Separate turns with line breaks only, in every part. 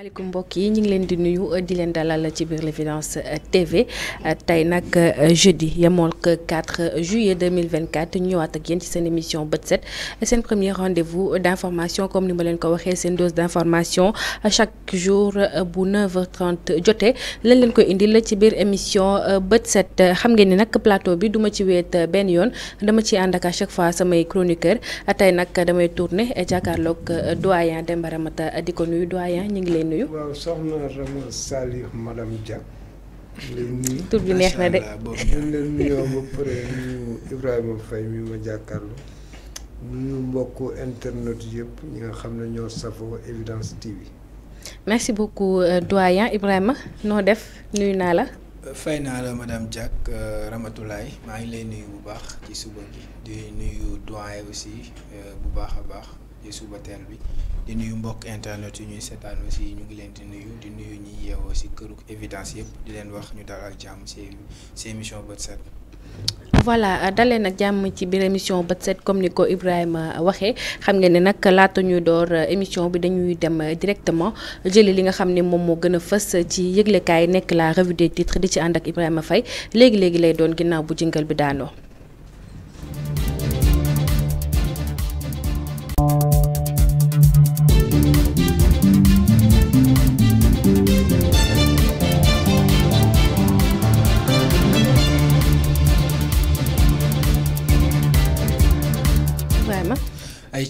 asalaamaaleykum mbokk yi ñu ngi leen di nuyu di leen dalal ci biir l'évidence TV tey nag jeudi yemoon ko 4 juillet 2024 ñu ñëwaat ak yéen ci seen émission bët set seen premier rendez d'information comme ni ma leen ko waxee seen dose d'information chaque jour bu 9h30 jotee lañ leen koy indil ci biir émission bët set xam ngeen ni nag plateau bi duma ci weet benn yoon dama ci ànd ak à chaque fois samay chroniqueur tey nag damay tourner jàkkaarloog doyen doyen ñu ngi
nuyu. waaw soxna Rama Salih madame Diak. tur neex na de boobu ñu ba pare nuyu Ibrahima Faye mi ma jàkkaarloo nuyu mbokku internet yëpp ñu nga xam ne ñoo safoo Evidence TV.
merci beaucoup euh, doyen Ibrahima noo def nuyu naa la.
fay naa la madame Diak euh, ramatulaay maa ngi lay nuyu
bu baax ci suba gi di nuyu doyen aussi euh, bu baax a baax. di suba teel bi di nuyu mbokk internet yu ñuy seetaan aussi ñu ngi leen di nuyu di nuyu ñuy yeewoo si këru évidence yëpp di leen wax ñu dal ak jàmm émission
voilà dalee nag jàmm ci biir émission bët set comme ni ko Ibrahima waxee xam ngeen ne nag laata ñuy door euh, émission bi dañuy dem euh, directement jëli li nga xam ne moom moo gën a fës ci yëglekaay nekk laa revue des titres di ci ànd ak Ibrahima Faye léegi léegi lay doon ginnaaw bu jingal bi daanoo.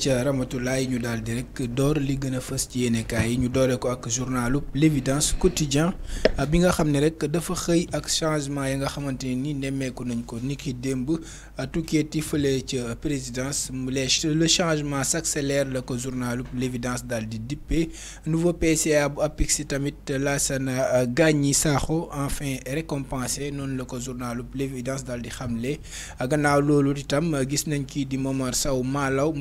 ca Ramatoulaye ñu daal di rek door li gën a fës ci yéenekaay yi ñu doore ko ak journalu l'évidence quotidien ah, bi nga xam ne rek dafa xëy ak changement yi nga xamante ne ni nemmeeku nañ ko niki démb ah, tukkeeti fële ca présidence le changement s'accélère la ko journalu l'évidence daal di dippe nouveau PCA bu APIX tamit Lassana ah, Gagny Sakho enfin récompensé noonu la ko journalu l'évidence daal di xamle gannaaw loolu itam gis nañ kii di Momar Sow Malaw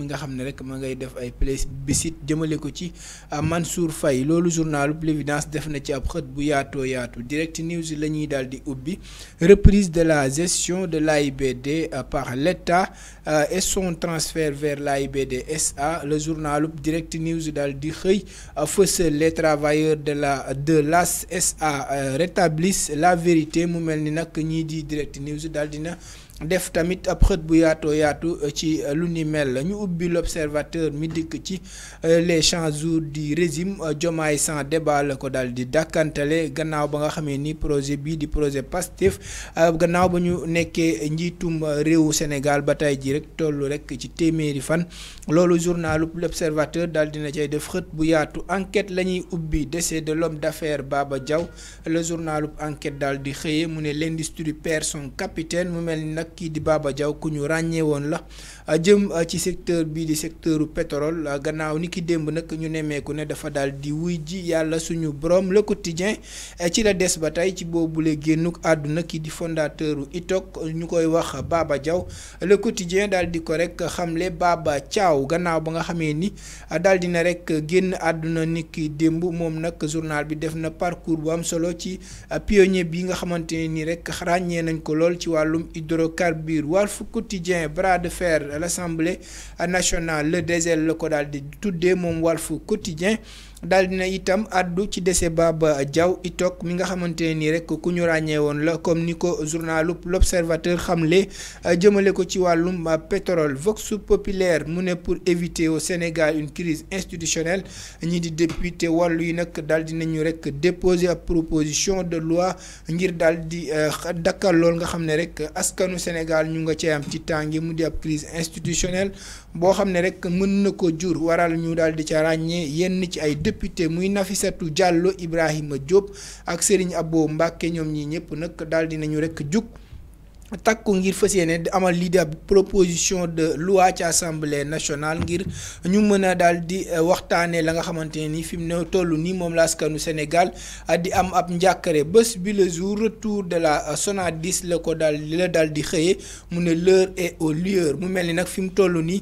rek ma ngay def ay plébiscite jëmale ko ci euh, Mansour fay loolu journalu L'Évidence def na ci ab xët bu yaatoo yaatu direct news la ñuy daal di ubbi reprise de la gestion de l'AIBD euh, par l'État euh, et son transfert vers l'AIBD SA le journalu direct news daal di xëy fësal les travailleurs de la de l'AS SA rétablissent la vérité mu mel ni nag ñii di direct news daal dina def tamit ab xët bu yaatoo yaatu euh, ci euh, lu ni mel ñu ubbi l'observateur mi dikk ci euh, les cent jours du régime jomaay sans débat la ko daal di dàkkantale gannaaw ba nga xamee ni projet bii di projet Pastef gannaaw ba ñu nekkee njiitum réewu Sénégal ba tey ji rek toll rek ci téeméeri fan loolu journalu l'observateur dal dina cay def xët bu yaatu enquête la ñuy ubbi décès de l'homme d'affaires Baba jaw le journalu enquête daal di xëyee mu ne l'industrie perd mu mel ni nag kii di Baba jaw ku ñu ràññee woon la jëm ci secteur bii di secteuru pétrole gannaaw ni ki démb nag ñu nemmeeku ne dafa dal di wuy ji yàlla suñu borom le quotidien e ci la des ba tey ci boobu boobule génnuk àdduna kii di fondateuru ITOC ñu koy wax baaba Diaw le quotidien daal di ko rek xamle baaba caaw gannaaw ba nga xamee ni dal di dina rek génn àdduna ni ki démb moom nag journal bi def na parcours bu am solo ci pionnier bi nga xamante ni rek ràññee nañ ko lool ci wàllum hydrocarbures Walf Quotidien bras de fer l'Assemblée nationale le désert la ko daal di tuddee moom Walf Quotidien daal dina itam àddu ci dese Baba Diaw itok mi nga xamante ne nii rek ku ñu ràññee woon la comme ni ko journalu l'Observateur xamle euh, jëmale ko ci wàllum euh, pétrole Vox populaire mu ne pour éviter au Sénégal une crise institutionnelle ñi di député wàllu yi nag daal nañu rek déposer ab proposition de loi ngir daal di euh, dakkal lool nga xam ne rek askanu Sénégal ñu nga cee am ci tàngi mu di ab crise institutionnelle boo xam ne rek mën na ko jur waral ñu daal di ca ràññee yenn ci ay député muy Nafisatou Diallo Ibrahima Diop ak Serigne Abo Mbacke ñoom ñi ñëpp nag daal di nañu rek jug. takku ngir fas yéene amal lii di ab proposition de loi ci assemblée nationale ngir ñu mën a daal di eh, waxtaanee la nga xamante ne ni fi mu ne toll nii moom la askanu Sénégal eh, di am ab njàkkare bés bi jour retour de la eh, Sonadis la ko daal la daal di xëyee mu ne l'heure est aux lueurs mu mel ni nag fi mu toll nii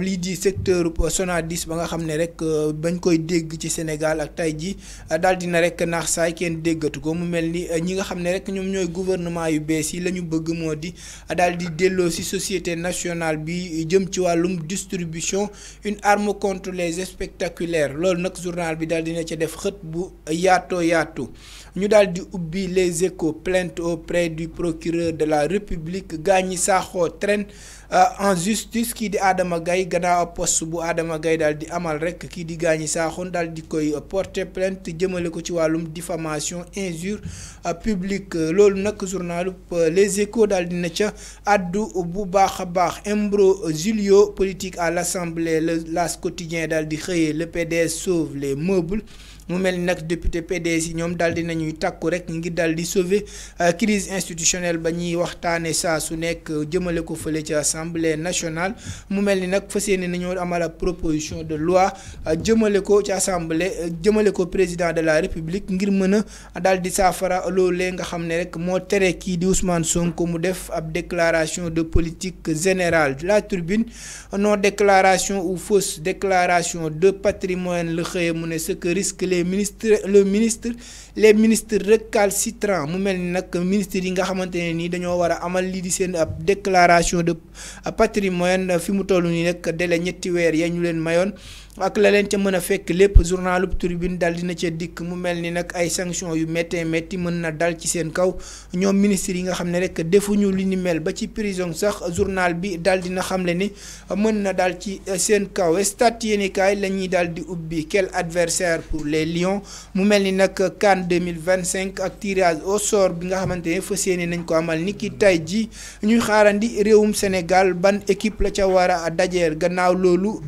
lii di secteur sona Sonadis ba nga xam ne rek bañ koy dégg ci Sénégal ak tey ji dal di na rek naax saay kenn déggatu ko mu mel ni ñi nga xam ne rek ñoom ñooy gouvernement yu bees yi lañu bëgg. moo di daal di delloo ci société nationale bi jëm ci wàllum distribution une arme contre les spectaculaires loolu nag journal bi daal dina ci def xët bu yaatoo yaatu ñu daal di ubbi les échos plainte auprès du procureur de la république gaañi saaxoo traîne Euh, en justice kii di aadama Gaye gannaaw poste bu aadama Gaye daal di amal rek kii di gaañi Sakho daal di koy porter plainte jëmale ko ci wàllum diffamation injure euh, publique euh, loolu nag journal Les Échos daal na ca addu bu baax a baax Imbroglio politique à l'Assemblée la L'As quotidien daal di xëyee le PDS sauve les meubles mu mel ni nag député PDS yi ñoom daal di nañuy tàkku rek ngir daal di sauver euh, crise institutionnelle ba ñuy waxtaane saa su nekk jëmale ko fële ca assemblée nationale mu mel ni nag fas yéene nañoo amal proposition de loi euh, jëmale ko ca assemblée euh, jëmale ko président de la république ngir mën a daal di saafara loolee nga xam ne rek moo tere kii di Ousmane Sonko mu def ab déclaration de politique générale la tribune non déclaration ou fausse déclaration de patrimoine la xëye les ministres le ministre les ministres récalcitrants mu mel ni nag ministres yi nga xamante ne nii dañoo war a amal lii di seen ab déclaration de patrimoine fi mu toll nii nag délai ñetti weer ya ñu leen mayoon. ak la leen ca mën a fekk lépp journalub tribune dal dina ca dikk mu mel ni nag ay sanctions yu méttee métti mën na dal ci seen kaw ñoom ministre yi nga xam ne rek defuñu li ni mel ba ci prison sax journal bi dal dina xamle ni mën na dal ci seen kaw stade yéenekaay la ñuy dal di ubbi quel adversaire pour les Lions mu mel ni nag CAN 2025 ak tirage au sort bi nga xamante ne fa yéene nañ ko amal ni ki tay ji ñuy xaarandi réewum Sénégal ban équipe la ca war daje dajeer loolu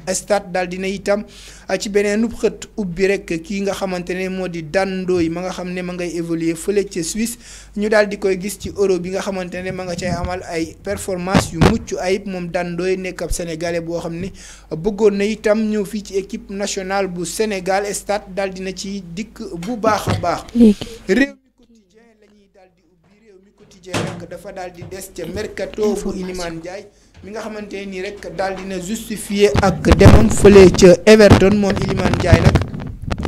itam ci beneen xët ubbi rek kii nga xamante ne moo di dandoo yi ma nga xam ne ma ngay évoluer fële ca Suisse ñu daal koy gis ci euro bi nga xamante ne ma nga cay amal ay performance yu mucc ayib moom dandoo yi nekk ab sénégalais boo xam ne bëggoon na itam ñëw fii ci équipe nationale bu Sénégal stade daal na ci dikk bu baax baax réew mi quotidien la ñuy daal di ubbi réew mi quotidien rek dafa daal di des ca mercato
fu Iliman Ndiaye mi nga xamante nii rek daal dina justifier ak demam fële
ca Everton moom Iliman Ndiaye nag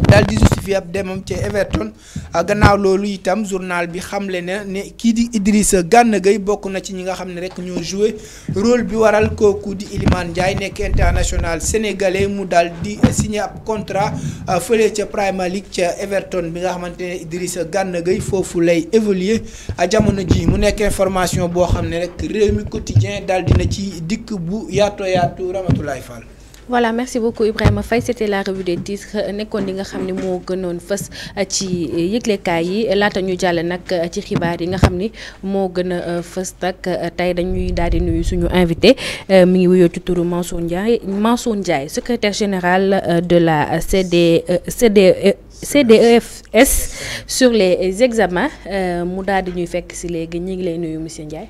daal di justifier ab demam ca Everton ah, gannaaw loolu itam journal bi xamle na ne kii di Idrissa Gana Gueye bokk na ci ñi nga xam ne rek ñoo joué rôle bi waral kooku di Iliman Ndiaye nekk international sénégalais mu dal di signe ab contrat ah, fële ca Premier League ca Everton bi nga xamante ne Idrissa Gana Gueye foofu lay évoluer ah, jamono ji mu nekk information boo xam ne rek réew mi quotidien daal dina ci dikk bu yaato yaatu Ramatoulaye Fall
voilà merci beaucoup Ibrahima fay c'était la revue des titres nekkoon li nga xam ne moo gënoon fës euh, ci euh, yëglekaay yi laata ñu jàll nag euh, ci xibaar yi nga xam ni moo gën a fës nag tey dañuy daal di nuyu suñu invité mi ngi wuyoo ci turu Mansour Ndiaye Mansour Ndiaye secretaire général de la CD CD CDEFS sur les examens mu daal di ñuy fekk si léegi ñu ngi lay nuyu monsieur Ndiaye.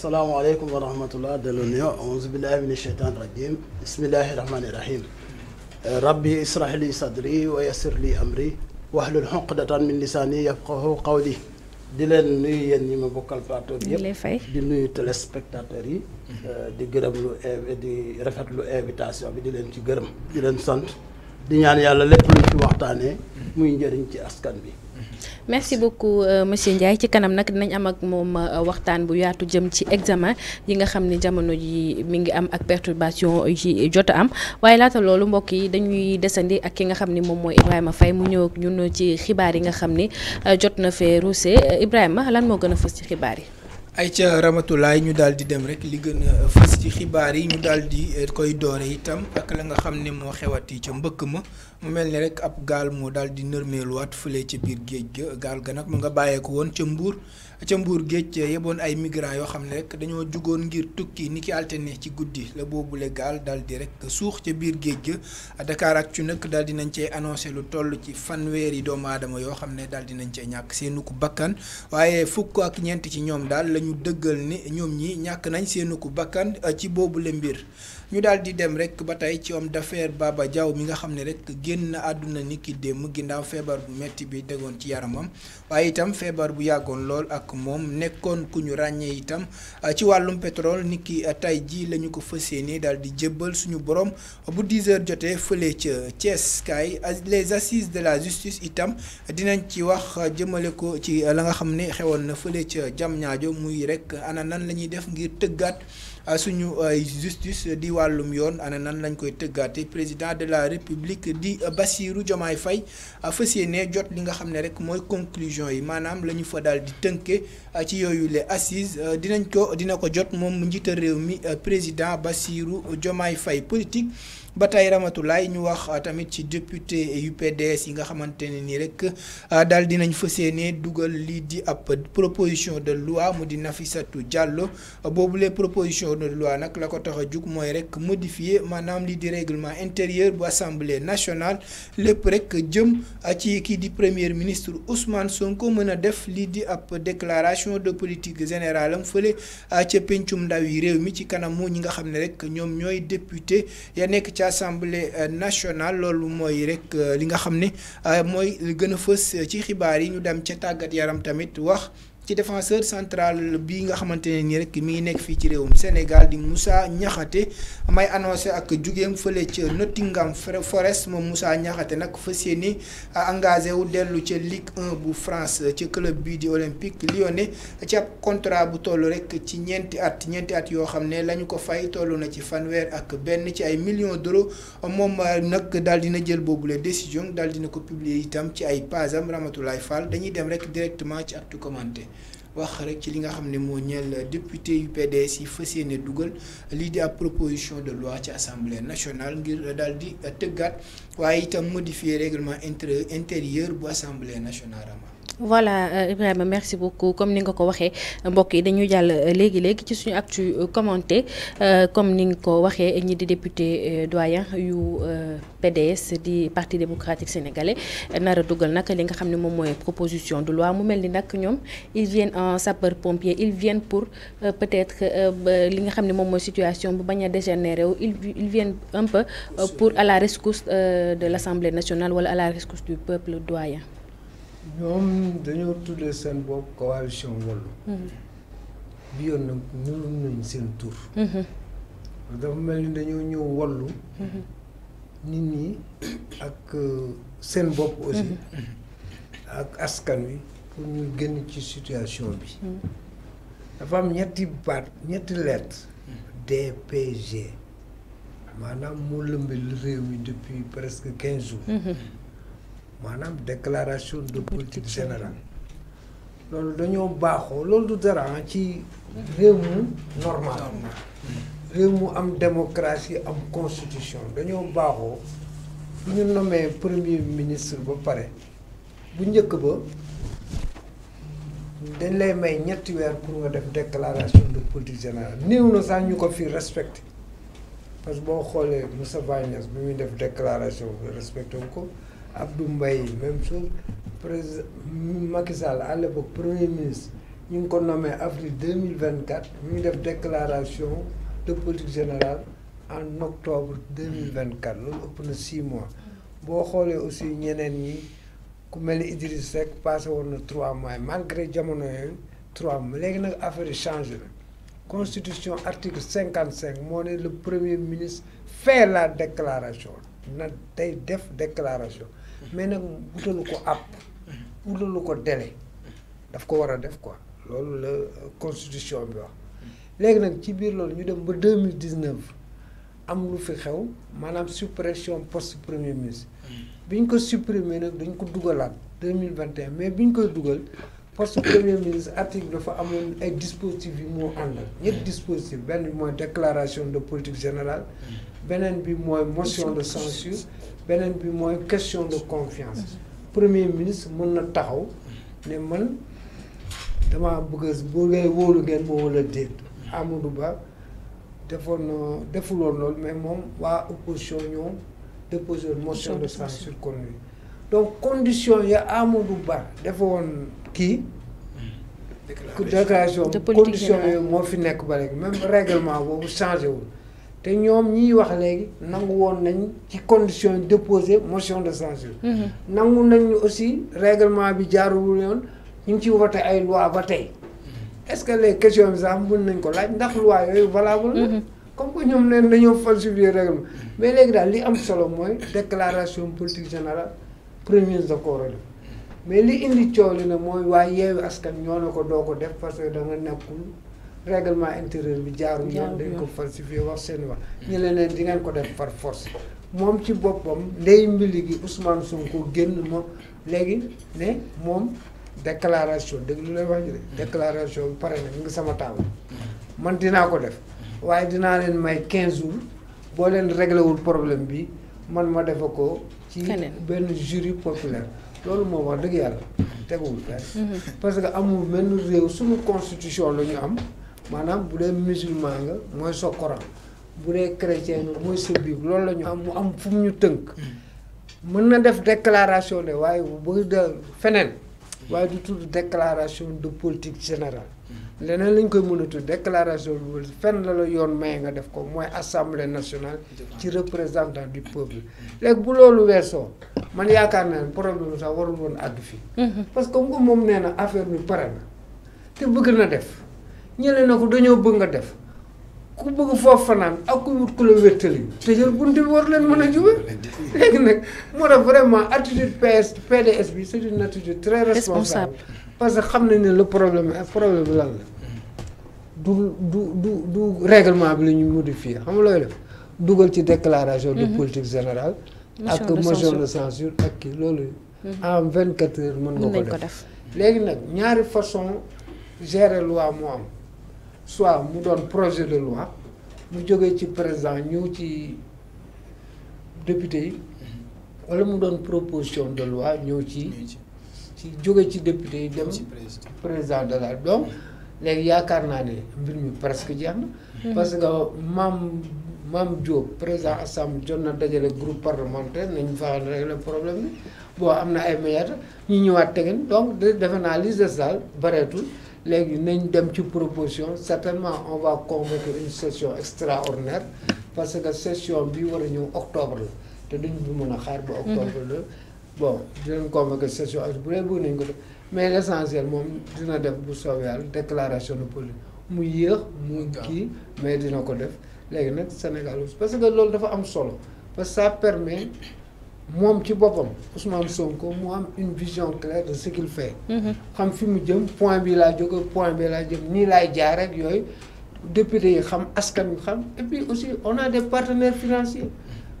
salaamaaleykum wa rahmatullah delloo nuyoo auzu billahi min sheytaan rajim bismillahi rahmani rahim eh, rabbi israh li sadri wa yassir li amri wahlul uqdatan min lisaani yafqahu qawli di leen nuyu yéen ñi ma bokkal plateau bi yëpp di nuyu téléspectateurs yi eh, di gërëm lu di rafetlu invitation bi di leen ci gërëm di leen sant di ñaan yàlla lépp luñ ci waxtaanee muy njëriñ ci askan bi
merci beaucoup euh, monsieur Ndiaye ci kanam nag dinañ am ak moom euh, waxtaan bu yaatu jëm ci examen yi nga xam ne jamono ji mi ngi am ak perturbation yi jot am waaye laata loolu mbokk yi dañuy desandi ak ki nga xam ni moom mooy Ibrahima Faye mu ñëw ak ñun ci xibaar yi nga xam ni euh, jot na fee ruusee Ibrahima lan moo gën a fës ci xibaar yi.
ayca ramatulaay ñu daal di dem rek li gën a fës ci xibaar yi ñu daal di koy doore itam ak la nga xam ne moo xewati ca mbëkk ma. mu mel ni rek ab gaal moo daal di nërmeeluwaat fële ca biir géej ga gaal ga nag mu nga bàyyeeku woon ca mbuur ca mbuur géej yeboon ay migrants yoo xam ne rek dañoo jugoon ngir tukki ni ki altine ci guddi la boobu boobule gaal daal di rek suux ca biir géej ga Dakar ak ci nag daal di nañ cee annoncé lu toll ci fanweeri doomu aadama yoo xam ne daal di nañ cee ñàkk seenu ku bakkan waaye fukk ak ñeent ci ñoom daal lañu dëggal ni ñoom ñi ñàkk nañ seenu ku bakkan ci boobule mbir. ñu daal di dem rek ba tey ci homme d'affaires Baba Diaw mi nga xam ne rek génn àdduna ni ki démb ginnaaw feebar bu métti bi degoon ci yaramam waaye itam feebar bu yàggoon lool ak moom nekkoon ku ñu ràññee itam ah, ci wàllum pétrole ni ki ah, tey jii la ñu ko fas yéene daal di jébbal suñu borom bu 10 heures jotee fële ca Thiès kaay ah, les assises de la justice itam dinañ ci wax jëmale ko ci la nga xam ne xewoon na fële ca Diamniadio muy rek ana nan la ñuy def ngir tëggaat. Euh, suñu euh, justice di wàllum yoon ana nan lañ koy tëggaate président de la république di basiiru Diomaye fay euh, fas yéene jot li nga xam ne rek mooy conclusion yi maanaam la ñu fa daal di tënke ci yooyu les assises dinañ ko dina ko jot moom njiital réew mi président Bassirou Diomaye fay politique ba tey Ramatoulaye ñu wax ah, tamit ci député UPDS yi nga xamante ne nii rek ah, daal dinañ fas ne dugal lii di app proposition de loi mu di Nafissatou boobu boobule proposition de loi nag la ko tax a jug mooy rek modifier maanaam lii di règlement intérieur bu assemblée nationale lépp rek jëm ah, ci kii di premier ministre Ousmane Sonko mën a def lii di ab déclaration de politique générale am fële ca pencum ndaw yi réew mi ci kanamu ñi nga xam ne rek ñoom ñooy député ya nekk ci assemblée euh, nationale loolu mooy rek euh, li nga xam ni euh, mooy li gën a fës ci xibaar yi ñu dem ca tàggat yaram tamit wax. ci défenseur central bi nga xamante ne nii rek mi ngi nekk fii ci réewum Sénégal di Moussa Niakhaté may annoncé ak jugeem fële ca Nottingham Forest moom Moussa ñaxate nag fas yéene engagé wu dellu ca Ligue 1 bu France ci club bii di Olympique Lyonnais ci ab contrat bu toll rek ci ñeenti at ñeenti at yoo xam ne lañu ko fay toll na ci fanweer ak benn ci ay millions d'euros moom nag daal dina jël boobule décision daal dina ko publier itam ci ay pasam Ramatoulaye Fall dañuy dem rek directement ci actu commenté wax rek ci li nga xam ne moo ñeel député yu PDS yi fas yéene dugal li di ab proposition de loi ci assemblée nationale ngir daal di tëggaat waaye itam modifier règlement intérieure bu assemblée nationale
voilà euh, Ibrahima merci beaucoup comme ni nga ko waxee mbokk yi dañuy jàll euh, léegi léegi ci suñu actu euh, commenté comme ni nga ko waxee ñi di député doyen yu PDS di parti démocratique sénégalais nar a dugal nag li nga xam ne moom mooy proposition de loi mu mel ni nag ñoom ils viennent en sapeur pompier ils viennent pour peut-être li nga xam ne moom mooy situation bu bañ a dégénérer wu ils viennent un peu pour à la rescousse de l'Assemblée nationale wala à la rescousse du peuple
ñoom dañoo tuddee seen bopp coalition Wallu hmm. bi yoon nag ñulum nañ seen tur hmm. dafa mel ni dañoo ñëw wallu hmm. nit ñi ak euh, seen bopp aussi ak askan wi pour ñu génn ci situation bi dafa am ñetti baat ñetti lettre DPG maanaam moo lëmbal réew mi depuis presque quinze jours maanaam déclaration de politique générale loolu dañoo baaxoo loolu du dara ah ci réew mu normal réew mu am démocratie am constitution dañoo baaxoo bu ñu nommee premier ministre ba pare bu njëkk ba dañ lay may ñetti weer pour nga def declaration de politique générale néew na sax ñu ko fi respecte parce que boo xoolee Moussa Niass bi muy def déclaration bi respecté ko Abdou mbay même chose président Macky Sall à l'époque premier ministre ñu ngi ko nommé avril deux mille vingt quatre ñu ngi def déclaration de politique générale en octobre deux mille vingt loolu ëpp na six mois boo xoolee aussi ñeneen yi ku mel ni Idriss Seck passé woon na trois mois malgré jamono yooyu trois mois léegi nag affaire changer changé na constitution article cinquante cinq moo ne le premier ministre fait la déclaration na tey def déclaration. mais nag wutalu ko àpp wutalu ko délai daf ko war a def quoi loolu la constitution bi wax léegi nag ci biir loolu ñu dem ba deux mille dix neuf am lu fi xew maanaam suppression poste premier ministre mm. bi ñu ko supprimer nag dañu ko dugalaat deux mille vingt et mais bi ñu koy dugal poste premier ministre article dafa amoon ay dispositifs yi moo ànd ñetti mm. dispositif benn bi mooy déclaration de politique général
mm.
beneen bi mooy motion de censure beneen bi mooy question de confiance premier ministre mën na taxaw ne man dama bëgg a bu ngay wóolu ngeen ma wala déet Amadou Ba defoon na defuloon loolu mais moom waa opposition ñoom déposé motion de censure contre lui donc condition ya Amadou Ba dafa woon kii déclaration condition yooyu moo fi nekk ba léegi même réglement boobu changé wul te ñoom ñiy wax léegi nangu woon nañ ci condition déposé motion de censure mhm. nangu nañ aussi réglement bi jaarul yoon ñu ngi ci voté ay loi ba tey mhm. est-ce que les questions bi sax mën nañ ko laaj ndax loi yooyu valable na mhm. comme que ñoom leen dañoo falsifier règlement mais léegi daal li am solo mooy déclaration politique générale premiers accords la mais li indi coow li na mooy waaye yeewu askan ñoo ne ko doo ko def parce que da nga nekkul règlement intérieur bi jaarul yoon dañ ko falsifié wax seen wax ñu ne leen di ngeen ko def par force moom ci boppam ndey mbili gi Ousmane Sonko génn moom léegi ne moom déclaration dégg lu lay wax ji de mm-hmm. déclaration pare na mu ngi sama table man dinaa ko def waaye dinaa leen may 15 jours boo leen réglé wul problème bi man ma defa ko ci benn jury populaire loolu moom wax dëgg yàlla mm-hmm. teguwul mm-hmm. parce que amul benn réew suma constitution la ñu am maanaam bu dee musulman nga mooy sa bu dee chrétien mooy sa Bible loolu la ñu am mu am fu ñu tënk. mën na def déclaration de waaye bu de feneen. waaye du tudd déclaration de politique général leneen lañ koy mën a tudd déclaration de fenn la la yoon maye nga def ko mooy assemblée nationale. ci représentant du peuple. léegi bu loolu weesoo man yaakaar naa ne problème sax warul woon àgg fii. Mhm. parce que moom nee na affaire bi pare na te bëgg na def. ñële na ko dañoo bëgg nga def ku bëgg foofu fanaan ak ku wut ku la wéttali tëjal bunt bi war leen mën a jubal léegi nag moo tax vraiment attitude PS PDS bi c'est une attitude très responsable parce que xam nañ ne le problème problème bi lan la du du du du règlement bi la ñu modifié xam nga looy def dugal ci déclaration de mhm. politique générale ak motion de censure ak ki loolu mhm. en vingt quatre heures mën nga ko def léegi nag ñaari façon gérer loi moo am soit mu doon projet de loi mu jógee ci président ñëw ci député yi wala mu doon proposition de loi ñëw ci ci jóge ci député yi dem président de la donc léegi yaakaar naa ne mbir mi presque jeex na hmm. parce que maam maam Diop président assemblée jot na dajale groupe parlementaire nañ fexe régler problème bi bon am na ay médiateurs ñu ñëwaat tegin donc defe naa li des bareetul léegi nañ dem ci proposition certainement on va convoquer une session extraordinaire parce que session bi war a ñëw octobre la te duñ bu mën a xaar ba octobre la bon dinañ convoquer sesion ak bu dee bëgg nañ ko def mais l' essentiel moom dina def bu soobee yàlla déclaration de politique mu yéex mu kii mais dina ko def léegi nag Sénégal parce que loolu dafa am solo parce que ça permet moom ci boppam Ousmane Sonko mu am une vision claire de ce qu'il fait. Mhm. xam fi mu jëm point bi laa jóge point bi laa jëm nii laay jaar ak yooyu député yi xam askan wi xam et puis aussi on a des partenaires financiers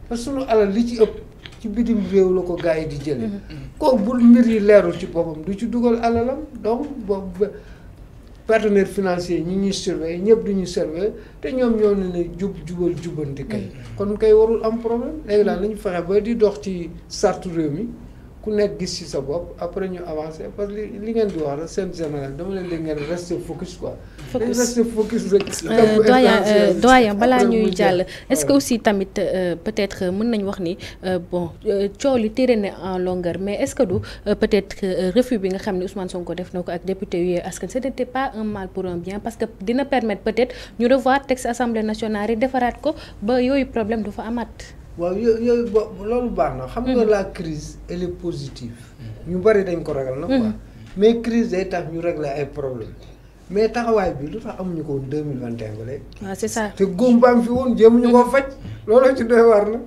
parce que sunu alal li ci ëpp ci bitim réew la ko gars yi di jëlee. Mhm. kooku bu mbir yi leerul ci boppam du ci dugal alalam donc boobu. partenaires financiers ñi ñuy surveiller ñëpp du ñuy surveiller te ñoom ñoo ne ne jub jubal jubanti mm. kon kay warul am problème léegi daal nañu fexee ba di dox ci sartu réew mi ku nekk gis ci sa bopp après ñu avancer parce que li li ngeen di wax rek seen général dama leen léegi ngeen rester focus quoi. focus rester euh, euh, balaa ñuy jàll est-ce que aussi
tamit euh, peut-être mën nañu wax ni bon coow li tere na en longueur mais est-ce que du peut-être refus bi nga xam ne Ousmane Sonko def na ko ak député Yewwi Askan ce n'était pas un mal pour un bien parce que dina permettre peut-être ñu revoir texte assemblée nationale yi defaraat ko ba yooyu problème du fa amaat.
waaw yooyu yooyu bo loolu baax na xam nga mm-hmm. la crise elle est mm-hmm. ñu bari dañ ko ragal na quoi mm-hmm. mais crise day tax ñu régler ay problème mais taxawaay bi lu tax amuñu ko woon deux mille vingt en un ba léegi waaw ah, c'est ça te góom baam fi woon ci doy war na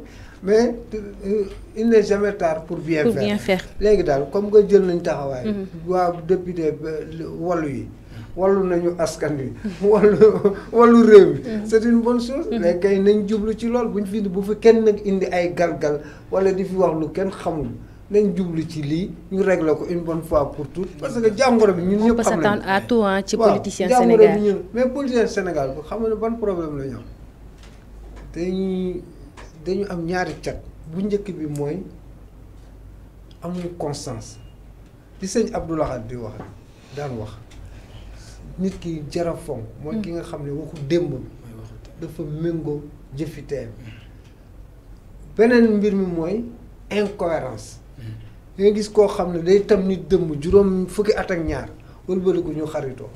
mais euh, il n'est jamais tard pour bien faire léegi daal comme nga jël nañ taxawaay waaw député euh, wallu yi wallu nañu askan wi wallu wallu réew mi mm-hmm. c'est une bonne chose léegi mm-hmm. nañ jublu ci lool bu buñ fi bu fi kenn nag indi ay galgal wala di fi wax lu kenn xamul nañ jublu ci lii ñu régler ko une bonne fois pour tout parce que jàngoro
bi ñun ñëpp xam nañ à tout ci politicien Sénégal jàngoro bi
ñun mais politicien Sénégal xam nga ban problème la ñu am dañuy dañu am ñaari cat bu njëkk bi mooy amuñu constance di sëñ Abdoulaye di wax daan wax nit ki jara fonk mooy ki mm. nga xam ne waxu démb dafa méngoo jëfi teem beneen mbir mi mooy incohérence da mm. gis koo xam ne day tam nit dëmb juróom fukki at ak ñaar wëlbaliku ñu xaritoo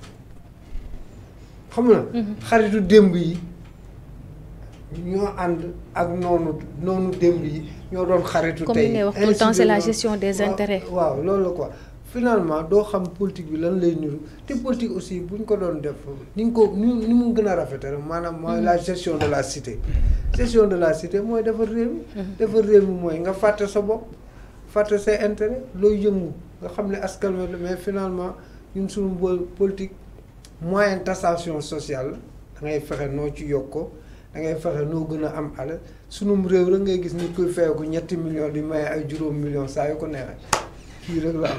xam na mm-hmm. xaritu démb yi ñoo ànd ak noonu noonu démb yi ñoo doon xaritu tey comme li ngay wax tout le la gestion des intérêts waaw loolu la quoi finalement doo xam politique bi lan lay niru te politique aussi bu ñu ko doon def ni ñu ko ni ni mu gën a rafetal maanaam mooy la mm-hmm. gestion de la cité gestion de la cité mooy defar réew mi mm-hmm. mooy nga fàtte sa bopp fàtte say intérêt looy yëngu nga xam ne askan wi mais finalement ñun suñu bo politique moyen tassation sociale da ngay fexe noo ci yokk ko da ngay fexe noo gën a am alal sunum réew rek ngay gis ni kuy feyeku ñetti millions di maye ay juróom millions saa yu ko kii rek la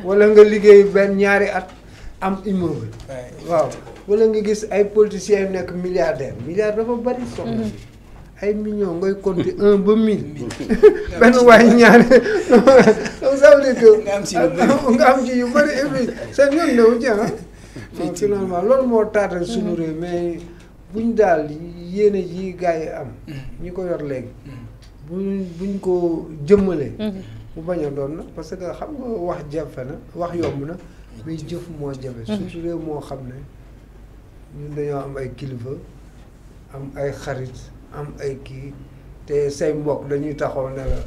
mhm. liggéey benn ñaari at am immeuble. waaw wala gis ay politiciens yu nekk milliardaires milliards mhm. ay millions ngay compter un ba mille. loolu moo taatal suñu mhm. réew mais buñ daal yéene yi gars yi am. ñi ko yor léegi. buñ buñ ko jëmmalee. mu bañ a doon nag parce que xam nga wax jafe na wax yomb na mais jëf moo jafe mhm. surtout réew moo xam ne ñun dañoo am ay kilifa am ay xarit am ay kii te say mbokk dañuy taxaw ne la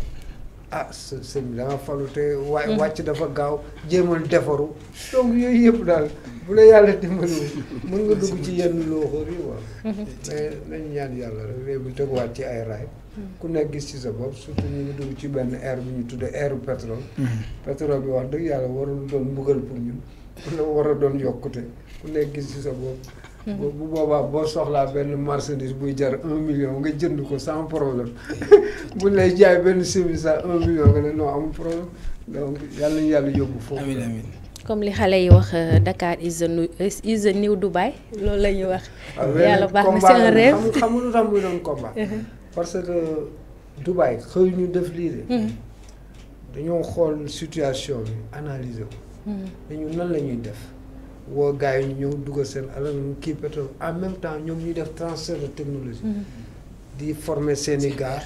ah sëñ bi da falu te waay mhm. wàcc dafa gaaw jéemal defaru donc yooyu yëpp daal bu la yàlla dimbaliwul mën nga dugg ci yenn looxóor yi waaw mhm. mais nañ ñaan yàlla rek réew mi teguwaat ci ay raay ku nekk gis ci sa bopp surtout ñu ngi dugg ci benn air bu ñu tuddee airu pétrole. Mm-hmm. pétrole bi wax dëgg yàlla warul doon mbugal pour ñun la war a doon yokkute ku nekk gis ci sa bopp. Mm-hmm. bu boobaa boo soxlaa benn marchandise buy jar un million nga jënd ko sans problème buñ lay jaay benn service à un million nga ne non amul problème yàlla ñu yàlla yóbbu foofu. amiin amiin
comme li xale yi wax euh, Dakar is the new is the new Dubai loolu la ñuy wax. Ah, yàlla baax na
parce que Dubaï xëy ñu def lii de. Hmm. dañoo xool situation bi analyser ko. Hmm. dañu nan la ñuy def. woo gars yi ñëw dugal seen alal ñu kii pétrole en même temps ñoom ñuy def transfert de technologie. Hmm. di former seen i gars.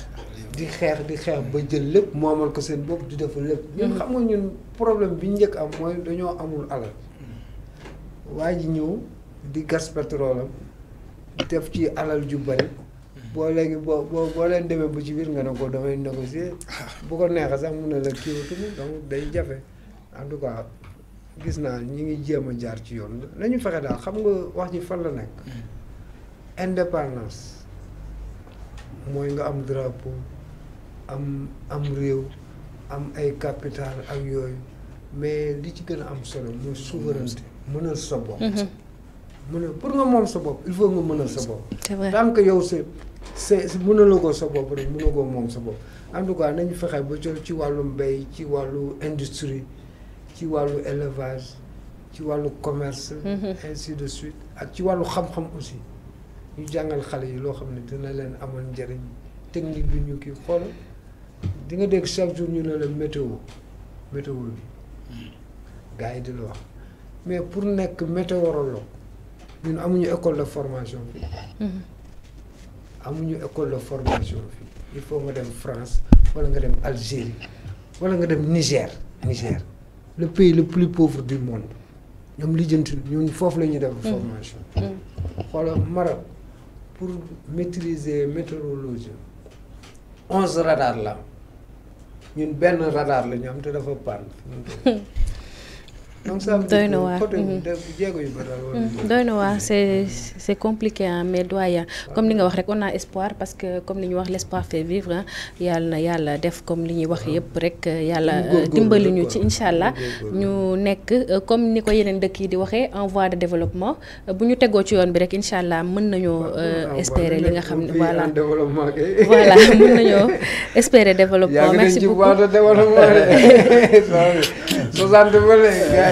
di xeex di xeex ba jël lépp moomal ko seen bopp di def lépp. ñun xam ñun problème bi njëkk am mooy dañoo amul alal. waa ji ñëw di gas pétrole def ci alal ju bari. boo léegi boo boo boo leen demee ba ci biir nga ne ko damay négocier bu ko neexee sax mun na la kiiwatuma donc day jafe en tout cas gis naa ñi ngi jéem a jaar ci yoon nañu fexe daal xam nga wax ji fan la nekk indépendance mooy nga am drapeau am am réew am ay capital ak yooyu mais li ci gën a am solo mooy souveraineté mënal sa bopp mm-hmm. mën a pour nga moom sa bopp il faut nga mënal sa bopp tant que yow sa c'est mënaloo ko sa bopp rek mënoo ko moom sa bopp en tout cas nañu fexee ba ci wàllu mbay ci wàllu industrie ci wàllu élevage ci wàllu commerce. Mm-hmm. ainsi de suite ak ci wàllu xam-xam aussi ñu jàngal xale yi loo xam ne dina leen amal njëriñ technique bi ñu ki xool di nga dégg chaque jour ñu ne la météo météo bi mm. gars yi di la wax mais pour nekk météorologue ñun amuñu école de formation bi. Mm-hmm. amuñu école de formation fii il faut nga dem France wala nga dem Algérie wala nga dem Niger Niger le pays le plus pauvre du monde ñoom lijjanti ñun foofu la ñuy def mm. formation mm. xoola Maroc pour maîtriser météorologie onze radar la ñun benn radar la ñu am te dafa panne
donc ça doy na waar doy na waar est c' est compliqué ah mais doyen comme li nga wax rek on a espoir parce que comme li ñu wax l' espoir fait vivre yàlla na yàlla def comme ah. li ñu wax yëpp rek yàlla dimbali ñu ci incha allah ñu nekk euh, comme ni ko yeneen dëkk yi di waxee en voie de développement euh, bu ñu tegoo ci yoon bi rek incha allah mën nañoo euh, espérer li nga xam ne voilà voilà mën nañoo espérer développement merci beaucoup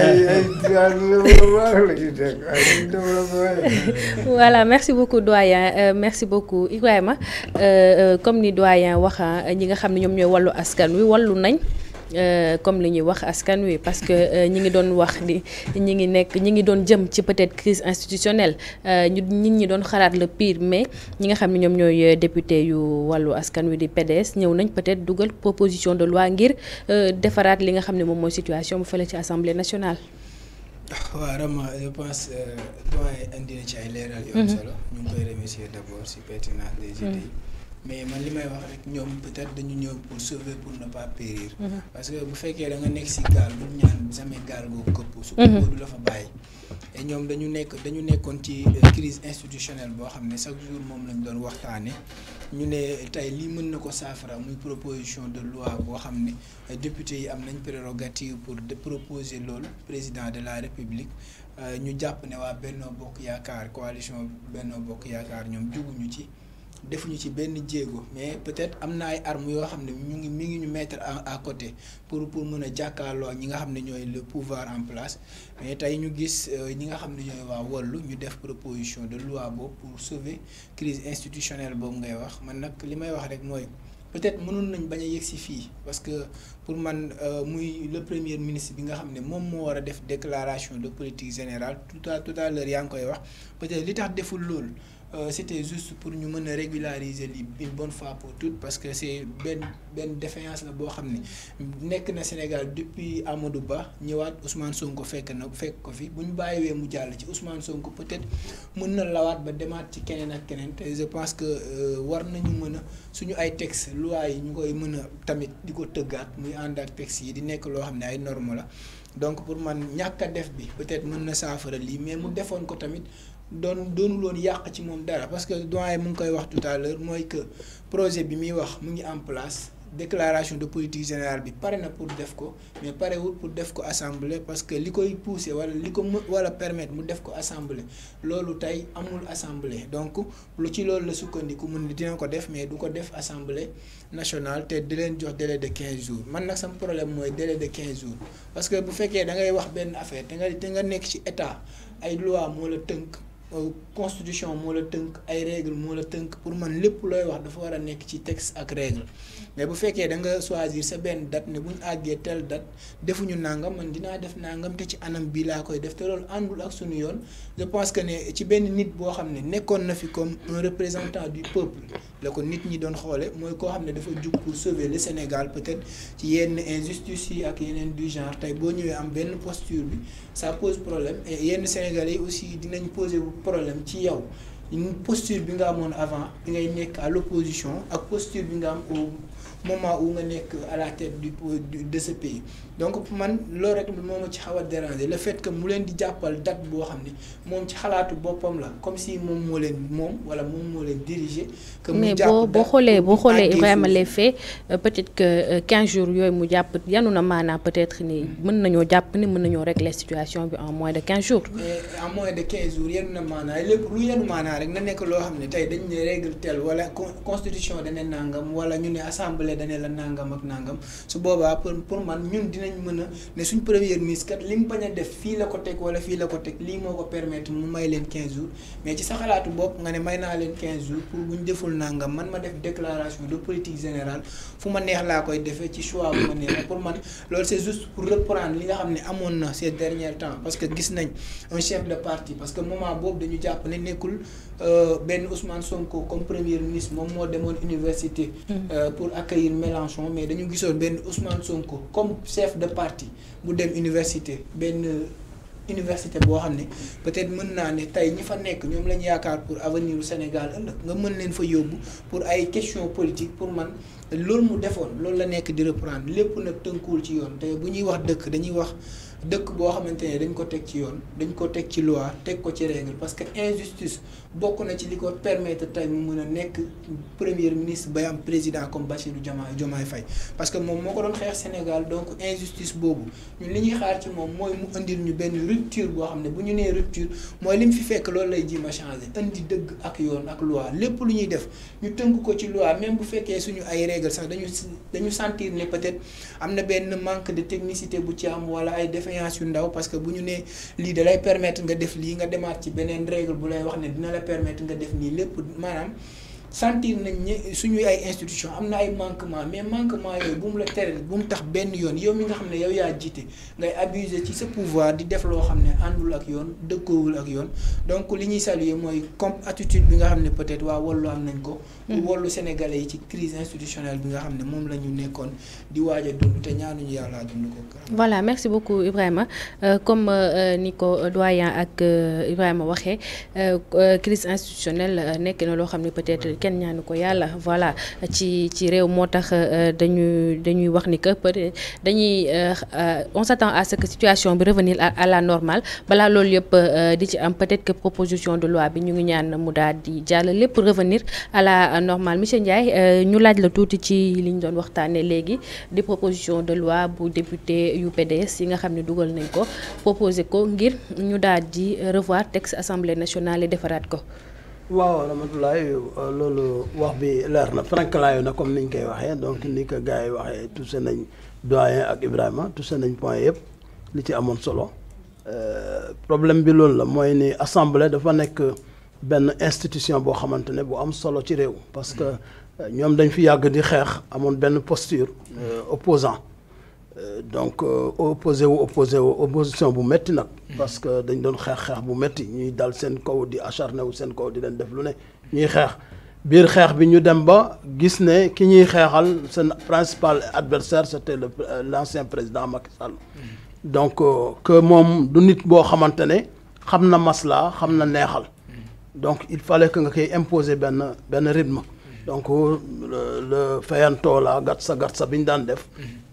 voilà merci beaucoup doyen euh, merci beaucoup Ibrahima euh, euh, comme ni doyan waxa ñi nga xam ne ñoom ñooy wàllu askan wi wàllu nañ Euh, comme li ñuy wax askan wi parce que euh, ñi ngi doon wax di ñi ngi nekk ñi ngi doon jëm ci peut-être crise institutionnelle euh, ñu nit ñi doon xalaat le pire mais ñi nga xam ne ñoom ñooy député yu wàllu askan wi di PDS ñëw nañ peut-être dugal proposition de loi ngir defaraat li nga xam ne moom mooy situation bu fële ci assemblée nationale.
mais man li may wax rek ñoom peut-être dañu ñëw pour sauver pour ne pas périr. Mhm. parce que bu fekkee da nekk ci gaal bu ñaan jamais gaal googu këpp. su mhm. ko du la fa bàyyi. et ñoom dañu nekk dañu nekkoon ci euh, crise institutionnelle boo xam ne chaque jour moom lañ doon waxtaane ñu ne tey lii mën na ko saafara muy proposition de loi boo xam ne euh, député yi am nañ prérogative pour de proposer loolu président de la république euh, ñu jàpp ne waa Benno Bokk Yaakaar coalition Benno Bokk Yaakaar ñoom juguñu ci. defuñu ci benn jéego mais peut-être am na ay armes yoo xam ne ñu ngi mi ngi ñu mettre à côté pour pour mën a jàkkaarloo ñi nga xam ne ñooy le pouvoir en place mais tey ñu gis euh, ñi nga xam ne ñooy waa Wallu ñu def proposition de loi boobu pour sauver crise institutionnelle boobu ngay wax man nag li may wax rek mooy peut-être mënoon nañ bañ a yegg fii parce que pour man euh, muy le premier ministre bi nga xam ne moom moo war a def déclaration de politique générale tout à tout yaa ngi koy wax peut-être li tax deful loolu Euh, c'était juste pour ñu mën a régulariser li une bon fois pour toutes parce que c'est benn benn défaillance la boo xam ne nekk na Sénégal depuis Amadou Ba ñëwaat Ousmane Sonko fekk na fekk ko fi bu ñu bàyyiwee mu jàll ci Ousmane Sonko peut-être mën na lawaat ba demaat ci keneen ak keneen te je pense que euh, war nañu mën a suñu ay textes loi yi ñu koy mën a tamit di ko tëggaat muy ànd ak textes yi di nekk loo xam ne ay normes la donc pour man ñàkk def bi peut-être mën na saafara lii mais mu defoon ko tamit. doon doonul woon yàq ci moom dara parce que doyen mu ngi koy wax tout à l'heure mooy que projet bi muy wax mu ngi en place déclaration de politique générale bi pare na pour def ko mais parewul pour def ko assemblée parce que li koy pousser wala li ko wala permettre mu def ko assemblée loolu tey amul assemblée donc lu ci loolu la sukkandiku mun ni dina ko def mais du ko def assemblée nationale te di leen jox délai de quinze jours man nag sama problème mooy délai quinze jours parce que bu fekkee da ngay wax affaire te nga nekk ci état ay loi moo tënk. Euh, constitution moo la tënk ay règle moo la tënk pour man lépp looy wax dafa war a nekk ci texte ak règle mais bu fekkee da nga choisir sa benn dat ne bu ñu àggee tell date defuñu nangam man dinaa def nangam te ci anam bii laa koy def te loolu àndul ak suñu yoon je pense que ne ci benn nit boo xam ne nekkoon na fi comme un représentant du peuple la ko nit ñi doon xoole mooy koo xam ne dafa jug pour sauver le Sénégal peut-être ci yenn injustice yi ak yeneen du genre tey boo ñëwee am benn posture bi sa pose problème yenn Sénégalais yi aussi dinañ poser bu problème ci yow posture bi nga amoon avant bi ngay nekk à l'opposition ak posture bi nga am moment où nga nekk à la tête du de ce pays donc man loo rek moom ci xaw a déranger le fait que mu leen di jàppal date boo xam ne moom ci xalaatu boppam la comme si moom moo leen moom wala moom moo leen diriger. que mais boo boo xoolee boo xoolee Ibrahima les
faits euh, peut-être que 15 euh, jours yooyu mu jàpp yanu na maanaam peut-être ni mm. mën nañoo jàpp ni mën nañoo régler situation bi en moins de 15 jours. mais
en moins de 15 jours yanu na maanaam lu yanu rek na nekk loo xam ne tey dañu ne règle telle wala constitution dana nangam wala ñu ne assemblée. xoolee dane la nangam ak nangam su boobaa pour pour man ñun dinañ mën a ne suñ premier ministre kat li mu bañ a def fii la ko teg wala fii la ko teg lii moo ko permettre mu may leen jours mais ci sa xalaatu bopp nga ne may naa leen jours pour bu ñu deful nangam man ma def déclaration de politique générale fu ma neex laa koy defee ci choix bu ma neex pour man loolu c'est juste pour reprendre li nga xam ne amoon na ces derniers temps parce que gis nañ un chef de parti parce que moment Marine Mélenchon mais dañu gisoon benn Ousmane Sonko comme chef de parti mu dem université benn université boo xam ne peut-être mën naa ne tey ñi fa nekk ñoom lañ yaakaar pour avenir Sénégal ëllëg nga mën leen fa yóbbu pour ay question politique pour man loolu mu defoon loolu la nekk di reprendre lépp nag tënkuwul ci yoon te bu ñuy wax dëkk dañuy wax dëkk boo xamante ne dañ ko teg ci yoon dañ ko teg ci loi teg ko ci règle parce que injustice bokk na ci li ko permettre tey mu mën a nekk premier ministre ba am président comme Bassirou Diomaye Diomaye fay parce que moom moo ko doon xeex Sénégal donc injustice boobu li ñuy xaar ci moom mooy mu indil ñu benn rupture boo xam ne bu ñu nee rupture mooy mu fi fekk loolu lay jima changé indi dëgg ak yoon ak loi lépp lu ñuy def ñu tënk ko ci loi même bu fekkee suñu ay règles sax dañu dañu sentir ne peut-être am na benn manque de technicité bu ci am wala ay défaillance yu ndaw parce que bu ñu nee lii da lay permettre nga def lii nga demaat ci beneen règle bu lay wax la permettre nga def nii lépp maanaam sentir nañ ñi suñuy ay institution am na ay manquement mais manquement yooyu bu mu la tere bu mu tax benn yoon yow mi nga xam ne yow yaa jiite ngay abuser ci sa pouvoir di def loo xam ne àndul ak yoon dëkkoowul ak yoon donc li ñuy saluer mooy comme attitude bi nga xam ne peut-être waa wallu am nañ ko Hmm. wolu sénégalais yi ci crise institutionnelle bi nga xam ne moom la nekkoon di waaj a dund te ñaanuñu yàlla dund ko.
voilà merci beaucoup Ibrahima euh, comme euh, ni ko doyan ak euh, Ibrahima waxee crise institutionnelle nekk na loo xam ne peut kenn ñaanu ko yàlla voilà ci ci réew moo tax dañuy dañuy wax ni que peut dañuy on s'attend à ce bi revenir à la balaa loolu yëpp di ci am peut que proposition de loi bi ñu ngi ñaan mu daal di jàll lépp revenir à normal monsieur Ndiaye euh, ñu laaj la tuuti ci li ñu doon waxtaanee léegi di proposition de loi bu député yu PDS yi nga xam ne dugal nañ ko proposé ko ngir ñu daal di revoir texte assemblée nationale et defaraat ko.
waaw Ramatoulaye euh, loolu wax bi leer na franklaayu na comme niñ koy waxee donc ni ko gars yi waxee touché nañ doyen ak Ibrahima touché nañ point yëpp li ci amoon solo euh, problème bi loolu la mooy ni assemblée dafa nekk. benn institution boo xamante ne bu am solo ci réew parce que euh, ñoom dañ fi yàgg di xeex amoon benn posture euh, opposant euh, donc opposé wu opposé wu opposition bu metti nag parce que dañ doon xeex-xeex bu metti ñuy dal seen kaw di acharné wu seen kow di leen def lu ne ñuy xeex biir xeex bi ñu dem ba gis ne ki ñuy xeexal seen principal adversaire c'était le l'ancien président Macky Sall mm. donc que moom du nit boo xamante ne xam na maslaa xam na neexal donc il fallait que nga koy imposer benn benn rythme donc le, le fayantoo la gatsa gatsa bi ñu daan def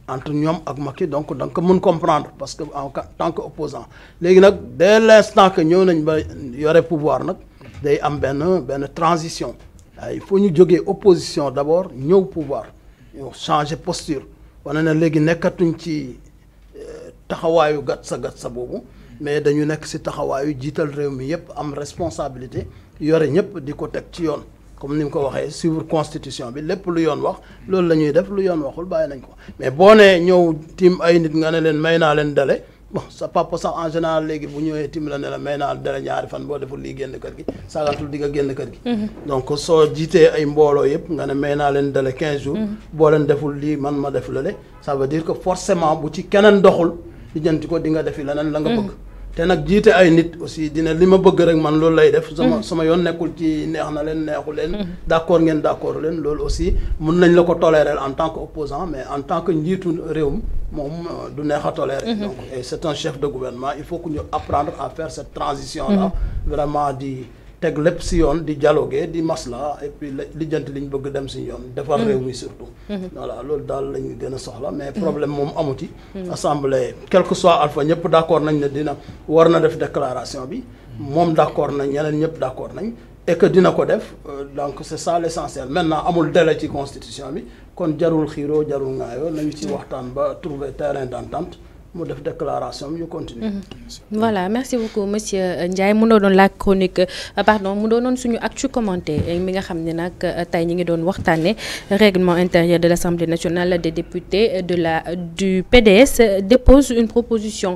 entre ñoom ak Macky donc da nga ko mën comprendre parce que en tant que opposant léegi nag de l'instant que ñëw nañ ba yore pouvoir nag day am benn benn transition il faut ñu jógee opposition d'abord ñëw pouvoir ñu changer posture wane na léegi nekkatuñ ci euh, taxawaayu gatsa gatsa boobu mais dañu nekk ci taxawaayu jiital réew mi yépp am responsabilité yore ñépp di ko teg ci yoon comme ni mu ko waxee suivre constitution bi lépp lu yoon wax loolu la ñuy def lu yoon waxul bàyyi nañ ko mais boo nee ñëw tiim ay nit nga ne leen may naa leen dale bon sa papa sax en général léegi bu ñëwee tim la ne la may naa dara ñaari fan boo deful lii génn kër gi saagatul di nga génn kër gi. Mm-hmm. donc soo jiitee ay mbooloo yëpp nga ne may naa leen dale 15 jours. Mm-hmm. boo leen deful lii man ma def lale ça veut dire que forcément bu ci keneen doxul di di nga defi leneen la te nag jiite ay nit aussi dina li ma bëgg rek man loolu lay def. sama mm-hmm. sama yoon nekkul ci neex na leen neexu leen. Mm-hmm. d' accord ngeen d' accord leen loolu aussi mun nañ la ko tolérer en tant que opposant mais en tant que njiitu réew mi moom euh, du neex a tolérer. Mm-hmm. donc et un chef de gouvernement il faut que ñu apprendre à faire cette transition là. vraiment di. teg lépp si yoon di dialoguer di masla et puis lijjanti li ñu bëgg dem si yoon. defar réew mi surtout. Mm-hmm. Mm-hmm. voilà loolu daal la ñu gën a soxla mais mm-hmm. problème moom amu ci. assemblée quel alpha ñëpp d' accord nañ ne dina war na def déclaration bi. moom d' accord nañ ñeneen ñëpp d' accord nañ. et que dina ko def euh, donc c' est ça l' essentiel maintenant amul délai ci constitution bi kon jarul xiiroo jarul ŋaayoo nañu ci waxtaan ba trouver terrain d' entente. mu def déclaration ñu continuer
mhm. voilà merci beaucoup monsieur euh, Ndiaye mu doonoon la chronique euh, pardon mu doonoon suñu actu commenté euh, mi nga xam ne nag tey ñi ngi doon waxtaane règlement intérieur de l'Assemblée nationale des députés de la du PDS dépose une proposition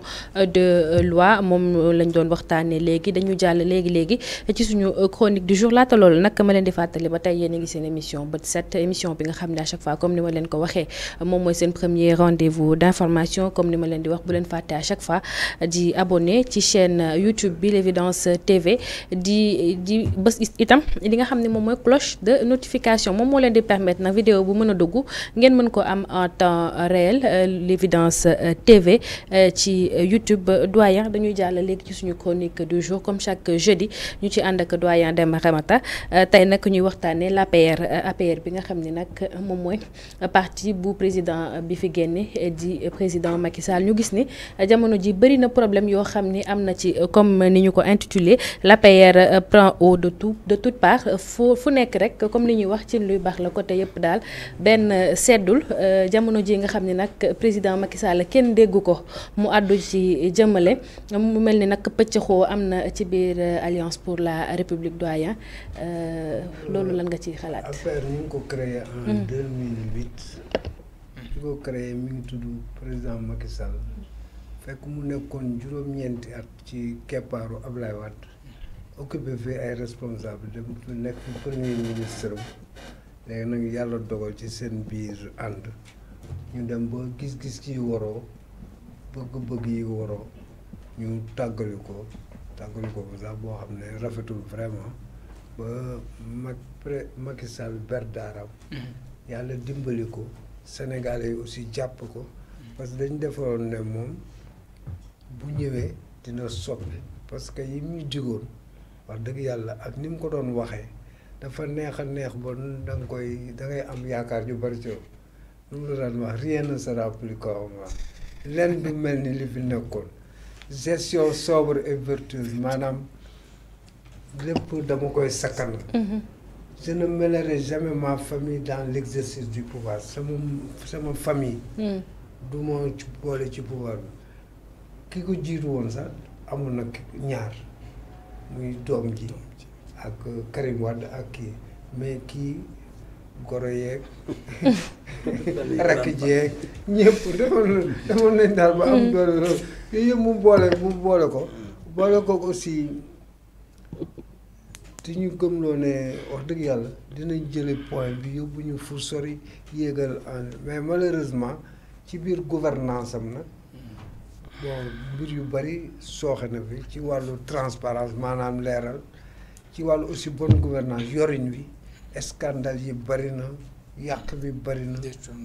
de loi moom lañ doon waxtaane léegi dañu jàll léegi léegi ci suñu chronique du jour laata loolu nag ma leen di fàttali ba tey yéen a ngi seen émission bët set émission bi nga xam ne à chaque fois comme ni ma leen ko waxee moom mooy seen premier rendez d'information comme wax bu leen fàtte à chaque fois di abonné ci chaîne YouTube bi l'évidence TV di di bés itam li nga xam ne moom mooy cloche de notification moom moo leen di permettre nag vidéo bu mën a dugg ngeen mën ko am en temps réel euh, l'évidence euh, TV euh, ci YouTube doyen dañuy jàll léegi ci suñu chronique du jour comme chaque jeudi ñu ci ànd ak doyen Demba Ramata tey nag ñuy waxtaanee l'APR APR bi nga xam ni nag moom mooy parti bu président bi fi génne di président Macky ñu gis ni jamono ji bëri na problème yoo xam ni am na ci euh, comme ni ñu ko intitulé l'APR euh, prend eau de tout de toute part euh, fu fu nekk rek comme li ñuy wax ci luy baax la côté yëpp daal benn seddul jamono ji nga xam ne nag président Macky Sall kenn déggu ko mu àddu ci jëmale mu mel ni nag pëccëxoo am na ci biir alliance pour la république doyen loolu lan nga ci xalaat.
ko créé mi ngi tudd président makisal fekk mu nekkoon juróom-ñeenti at ci keppaaru Ablaye Wade occupé fi ay responsable dem nekk premier ministre léegi nag yàlla dogal ci seen biir ànd ñu dem ba gis-gis ci waroo bëgg-bëgg yi waroo ñu tàggali ko tàggali ko ba sax boo xam ne rafetul vraiment ba Macky Sall ber daaram mm-hmm. yàlla dimbali ko Sénégalais yi aussi jàpp ko parce que dañ defaroon ne moom bu ñëwee dina soppi parce que yi mu digoon wax dëgg yàlla ak ni mu ko doon waxee dafa neex a neex ba da nga koy da am yaakaar ju bari ci nu mu la daan wax rien ne sera plus comme avant lenn du mel ni li fi nekkoon gestion sobre et maanaam lépp dama koy sakkanal mhm. je ne mêlerai jamais ma famille dans l'exercice du pouvoir sama sama famille. Hmm. du boole ci pouvoir ki ko jiitu woon sax amul na ñaar muy doom ji ak Karim Wade ak kii mais kii goro yeeg rakk jeeg ñëpp defoon defoon nañ daal ba am hmm. doole yooyu yëpp mu boole mu boole ko boole ko aussi. di ñu gëmloo ne wax dëgg yàlla dinañ jële point bi yóbbu ñu fu sori yéegal en mais malheureusement ci biir gouvernance am na bon mbir yu bëri sooxe na fi ci wàllu transparence maanaam leeral ci wàllu aussi bon gouvernance yorin wi scandale yi bari na yàq bi bari na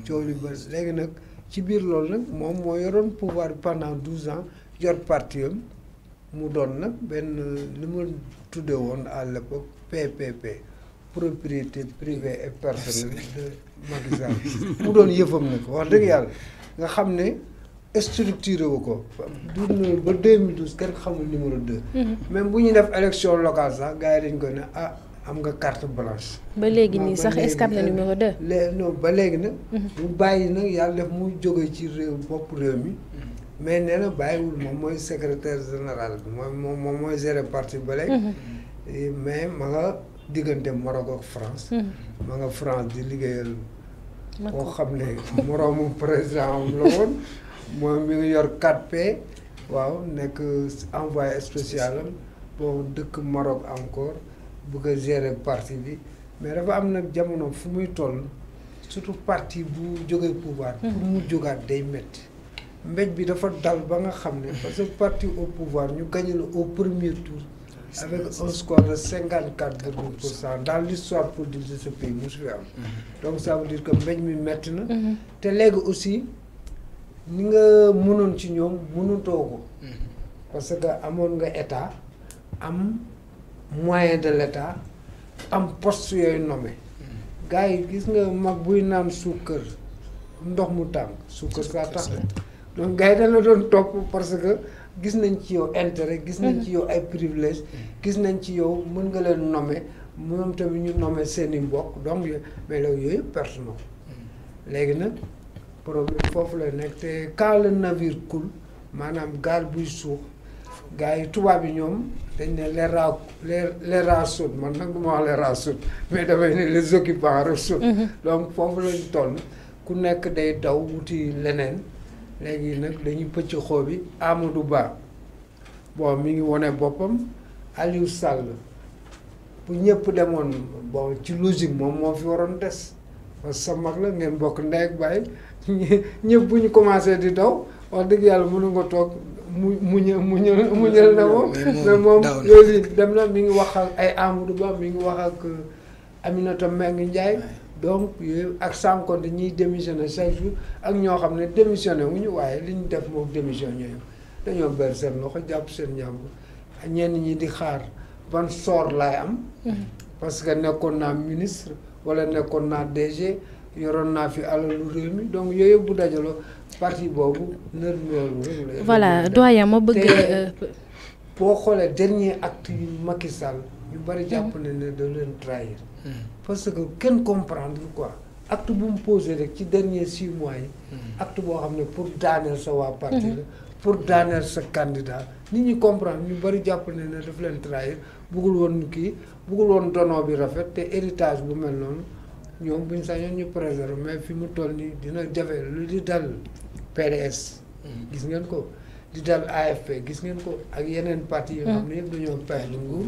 coow yu bëri léegi nag ci biir loolu nag moom moo yoroon pouvoir pendant douze ans yor parti am mu doon nag benn li ma tudde woon à l'époque PPP propriété privée et personnelle de Macky Sall mu doon yëfam nag wax dëgg yàlla nga xam ne structuré wu ko du ba 2012 kenn xamul numéro 2. Mhm. même bu ñuy def élection locale sax gars ko ne ah am nga carte blanche. ba léegi nii sax escape na numéro 2. non ba léegi nag. Mhm. mu bàyyi nag yàlla def mu jóge ci réew bopp réew mi. Mhm. mais nee na bàyyiwul moom mooy secrétaire général bi moom moom mooy gérer parti ba léegi. Mhm. mais ma nga diggante Maroc ak France. Mhm. ma nga France di xam ne président am moom mi ngi yor 4P waaw nekk envoyé spécial am bon dëkk Maroc encore bëgg a gérer bi mais dafa am nag jamono fu muy toll surtout partie bu jógee pouvoir. Mhm. pour mu jógaat day métti. mbej bi dafa dal ba nga xam ne parce que parti au pouvoir ñu gagné la au premier tour avec un score de cinquante quatre pour cent dans l'histoire politique de ce pays mosu fi am
mm-hmm.
donc ça veut dire que mbéj mi metti na mm-hmm. te léegi aussi ni nga mënoon ci ñoom mënutoo ko mm-hmm. parce que amoon nga état am moyen de l'état am poste yooyu nommé gars yi gis nga mag buy naan suukar ndox mu tànk suukar saa tax donc gars yi dañ la doon topp parce que gis nañ ci yow intéret gis nañ mhm. ci yow ay privilège gis nañ ci yow mën nga leen nome moom tamit ñu nome seen i mbokk donc mais loolu yooyu yëpp perte mhm. léegi nag problème foofu la nekk te quand le navire maanaam gaal buy suux gars yi tubaab yi ñoom dañ ne les rats les rats sautent man nag du ma wax les rats sautent mais damay ne les occupants rek sautent mhm. donc foofu lañ toll ku nekk day daw wuti leneen léegi nag dañuy pëcc xoo bi Amadou Ba bon mi ngi wone boppam Aliou Sall bu ñëpp demoon bon ci logique moom moo fi waroon des parce que sa mag la ngeen bokk ndey ak baay ñëpp bu ñu commencé di daw wax dëgg yàlla mënu nga toog mu mu ñë mu ñë mu ñël na moom mais moom yooyu dem na mi ngi wax ak ay Amadou ngi wax euh, donc yooyu ak sans compter ñiy démissionné chaque jour ak ñoo xam ne démissionné wu ñu waaye li ñu def moom démission ñooyu dañoo ber seen loxo jàpp seen njàmbur ñenn ñi di xaar ban sort laay am mhm. parce que nekkoon naa ministre wala nekkoon naa DG yoroon naa fi alalu réew mi donc yooyu bu dajaloo parti boobu nër loolu voilà doyen ma bëgg euh, boo xoolee dernier acte yu Macky Sall ñu bari jàpp ne ne da leen trahir mhm. parce que kenn comprendre quoi acte bu mu posé rek ci dernier six mois yi. Hmm. acte boo xam ne pour daaneel sa waa parti la. Hmm. pour daaneel sa candidat nit ñi comprendre ñu bari jàpp ne ne daf leen trahir bëggul woon kii bëggul woon dono bi rafet te héritage bu mel noonu ñoom buñ sañoon ñu préserver mais fi mu toll nii dina jafe lu di dal PDS. Hmm. gis ngeen ko di dal AFP gis ngeen ko ak yeneen parti yoo xam ne yëpp dañoo pexe nguur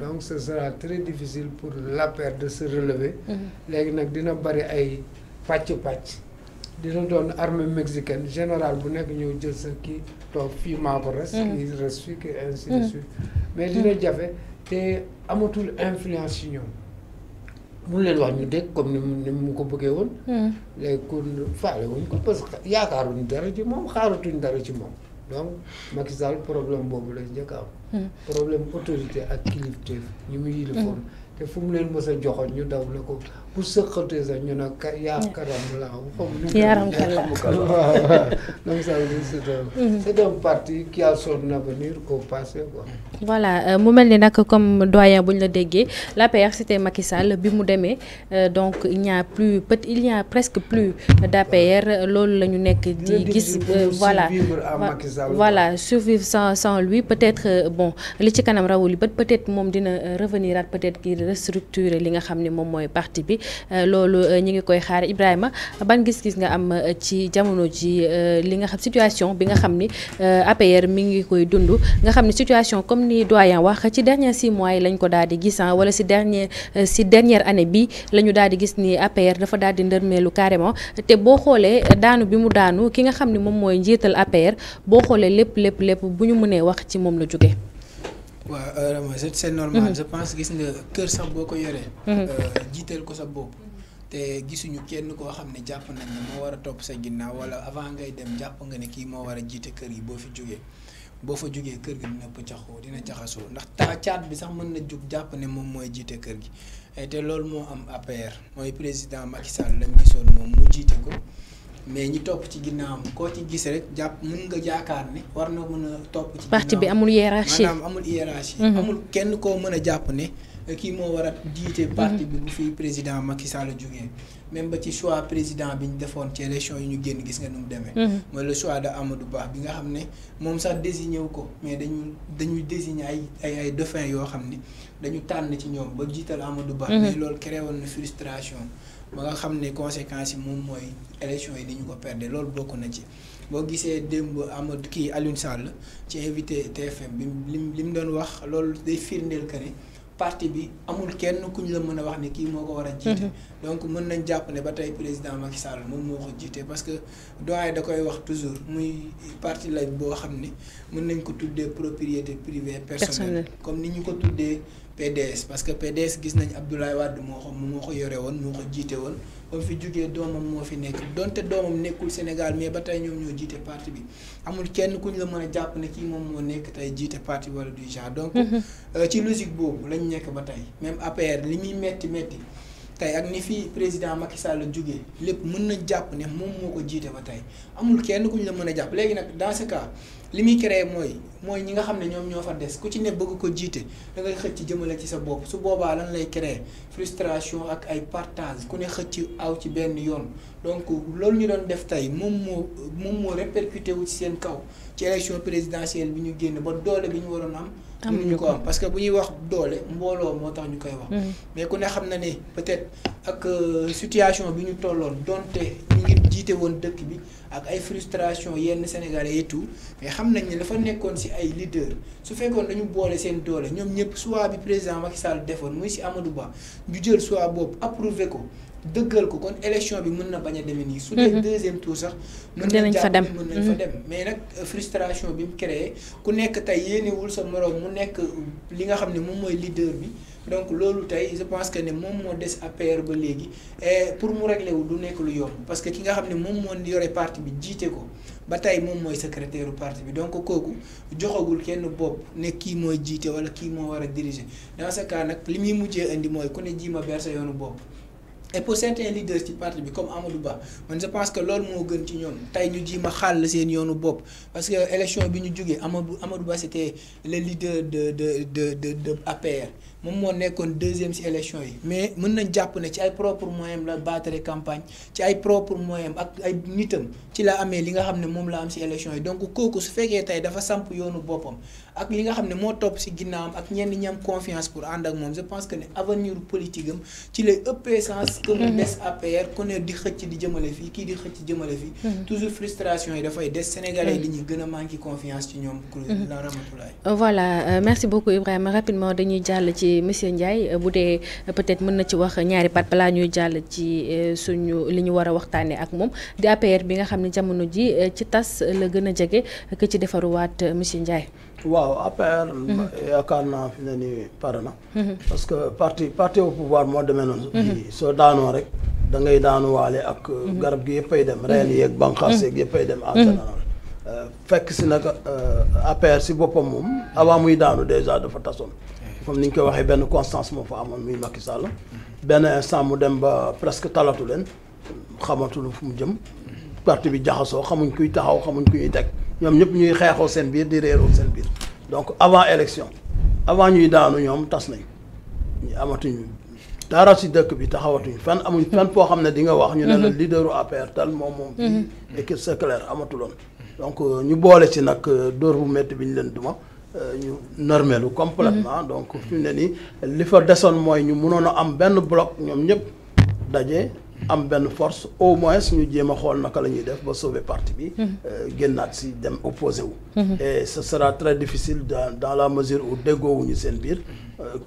donc ce sera très difficile pour la l'APR de se relever. Mm-hmm. léegi nag dina bari ay pàcc-pàcc. dina doon armée mexicaine général bu nekk ñëw jël sa kii toog fii maa ko res. kii mm-hmm. res fii kii ainsi de mm-hmm. suite. mais dina jafe te amatul influence ci ñoom. mun leen wax ñu dégg comme ni mu ni mu ko bëggee woon. léegi kon faale wuñ ko parce que yaakaaruñ dara ci moom xaaratuñ dara ci moom donc Macky Sall problème boobu lay njëkk am. Hmm. problème autorité ak kilifteef ñu mu yilifoon hmm. te fu leen mës a joxoon ñu daw ne ko bu sëqatee sax ñu nag yaa karam laa xam yaaram kala a son avenir qu'au
mel ni nag comme doyen bu ñu la déggee l'APR c'était Macky Sall bi mu demee euh, donc il n'y a plus peut presque plus loolu la ñu nekk di gis euh, voilà voilà survivre sans sans lui peut-être euh, bon li ci kanam rawul yi bët peut moom dina revenir at être ki restructurer li nga xam ne moom mooy parti bi Euh, loolu euh, ñu ngi koy xaar Ibrahima ban gis-gis nga am euh, ci jamono ji li nga xam situation bi nga xam ni APR mi ngi koy dund nga xam ni situation comme ni doyen wax ci dernier six mois yi lañ ko daal di gis ah, wala si dernier si dernière année bi lañu ñu daal di gis ni APR dafa daal di ndërmeelu carrément te boo xoolee daanu bi mu daanu ki nga xam ni moom mooy njiital APR boo xoolee lépp lépp lépp bu ñu mënee wax ci moom la jóge
waaw euh, set c'est normal mm-hmm. je pense gis nga kër sax boo ko yoree. Mm-hmm. Euh, jiital ko sa bopp. te gisuñu kenn koo xam ne jàpp nañ ne moo war a topp sa ginnaaw wala avant ngay dem jàpp nga ne kii moo war a jiite kër yi boo fi jógee boo fa jógee kër gi dina pëccaxoo dina jaxasoo ndax taa caat bi sax mën na jóg jàpp ne moom mooy jiite kër gi te loolu moo am APR mooy président Macky Sall lañ gisoon moom mu jiite ko. mais ñi topp ci ginnaawam koo ci gis rek jàpp mën nga jaakaar ne war na mën a topp. ci parti bi amul hiérarchie maanaam amul hiérarchie. Mhm. amul kenn koo mën a jàpp ne eh, kii moo war a jiite. Mhm. parti bi bu fi président Macky Sall jógee même ba ci choix président bi ñu defoon ci élection yi ñu génn gis nga nu mu demee. Mhm. mooy le choix de Amadou Ba bi nga xam ne moom sax désigné wu ko mais dañu dañuy désigné ay ay ay dauphin yoo xam ne dañu tànn ci ñoom ba jiital Amadou Ba. mais loolu créé woon na frustration. ba nga xam ne conséquences yi moom mooy élection yi dañu ko perdre loolu bokk na ci boo gisee démb amat kii Alioune Sall ci invité TFM bi lim li mu doon wax loolu day firndeel que parti bi amul kenn ku ñu la mën a wax ni kii moo ko war a jiite. Mhm. donc mën nañ jàpp ne ba tey président Macky Sall moom moo ko jiite parce que doyen da koy wax toujours muy parti la boo xam ne mën nañ ko tuddee propriété privée personnelle comme ni ñu ko tuddee. PDS parce que PDS gis nañ Abdoulaye Wade moo ko moo ko yore woon moo ko jiite woon ba fi jógee doomam moo fi nekk donte doomam nekkul Sénégal mais ba tey ñoom ñoo jiite parti bi amul kenn ku ñu la mën a jàpp ne kii moom moo nekk tey jiite parti wala du genre donc mhm. euh, ci boobu lañ nekk ba tey même APR li muy metti metti tey ak ni fii président Macky Sall jógee lépp mën na jàpp ne moom moo ko jiite ba tey amul kenn ku ñu la mën a jàpp léegi nag dans li muy créer mooy mooy ñi nga xam ne ñoom ñoo fa des ku ci ne bëgg ko jiite da ngay xëcc jëmale ci sa bopp su boobaa lan lay créer frustration ak ay partage ku ne xëcc aw ci benn yoon donc loolu ñu doon def tey moom moo moom moo répercuté wu ci seen kaw ci élection présidentielle bi ñu génn ba doole bi ñu waroon am mënuñu ko am parce que bu ñuy wax doole mbooloo moo tax ñu koy wax. Mm. mais ku ne xam na ne peut-être ak euh, situation bi ñu tolloon donte ñu ngi jiite woon dëkk bi ak ay frustration yenn sénégal et tout mais xam nañ ne dafa nekkoon ci ay leader su fekkoon dañu boole seen doole ñoom ñëpp choix bi président Macky defoon muy si amadu Ba ñu jël choix boobu approuvé ko. dëggal ko kon élection bi mën na bañ a demee nii. su dee mhm. deuxième tour sax. mën nañ fa dem mën nañ fa mhm. dem mais nag euh, frustration bi mu créé ku nekk tey yéenewul sa moroom mu nekk euh, li nga xam ne moom mooy leader bi. donc loolu tey je pense que ne moom moo des APR ba léegi et pour mu régler wu du nekk lu yomb parce que ki nga xam ne moom moo yore parti bi jiite ko ba tey moom mooy secrétaire u bi donc kooku joxagul kenn bopp ne kii mooy jiite wala kii moo war a diriger dans ce nag li muy mujjee indi mooy ku ne ji ma ber yoonu bopp. et pour certains leaders ci parti bi comme Amadou Ba man je pense que loolu moo gën ci ñoom tey ñu ji ma xàll seen yoonu bopp parce que élection bi ñu jógee Amadou Amadou Ba c'était le leader de de de de de moom moo nekkoon deuxième ci élection yi mais mën nañ jàpp ne ci ay propre moyen la battre campagne ci ay propre moyen ak ay nitam ci la amee li nga xam ne moom la am ci élection yi donc kooku su fekkee tey dafa samp yoonu boppam ak li nga xam ne moo topp ci ginnaawam ak ñenn ñam am confiance pour ànd ak moom je pense que ne avenir politique ci lay ëppee sens que mu des APR ku di xëcc di jëmale fii kii di xëcc jëmale fii hmm. toujours frustration yi dafay des Sénégalais yi hmm. ñu gën a manqué confiance ci ñoom hmm.
ci monsieur Ndiaye bu dee peut-être mën na ci wax ñaari part balaa ñuy jàll ci euh, suñu li ñu war a waxtaanee ak moom di APR bi nga xam ne jamono ji euh, ci tas la gën a jege ki ci defaruwaat euh, monsieur Ndiaye.
waaw APR. Mhm. yaakaar naa fi ne nii pare na. Mhm. parce que parti parti au pouvoir moo demee noonu. Mhm. soo daanoo rek da ngay daanuwaale ak. garab gi yëppay dem reen yeeg bànqaas yeeg yëppay dem. en fekk si nag APR si boppam moom avant muy daanu déjà dafa tasoon. comme ni ñu koy waxee benn constance moo fa amoon muy Macky Sall benn instant mu dem ba presque talatu leen xamatul fu mu jëm parti bi jaxasoo xamuñ kuy taxaw xamuñ ku ñuy teg ñoom ñëpp ñuy xeexoo seen biir di réeroo seen biir donc avant élection avant ñuy daanu ñoom tas nañ ñu amatuñu dara si dëkk bi taxawatuñ fan amuñ fan foo xam ne di nga wax ñu ne la mhm. leaderu APR tal moom moom et que c'est amatuloon donc euh, ñu boole si nag euh, dóor bu métti bi leen duma ñu normé lu complètement mhm. donc fi mu ne nii li fa desoon mooy ñu mënoon a am benn bloc ñoom ñëpp daje. am benn force au moins ñu jéem xool naka lañuy def ba sauver parti bi. Mhm. Euh, génnaat si dem opposé wu. Mhm. et ce sera très difficile dans la mesure où déggoowuñu seen biir.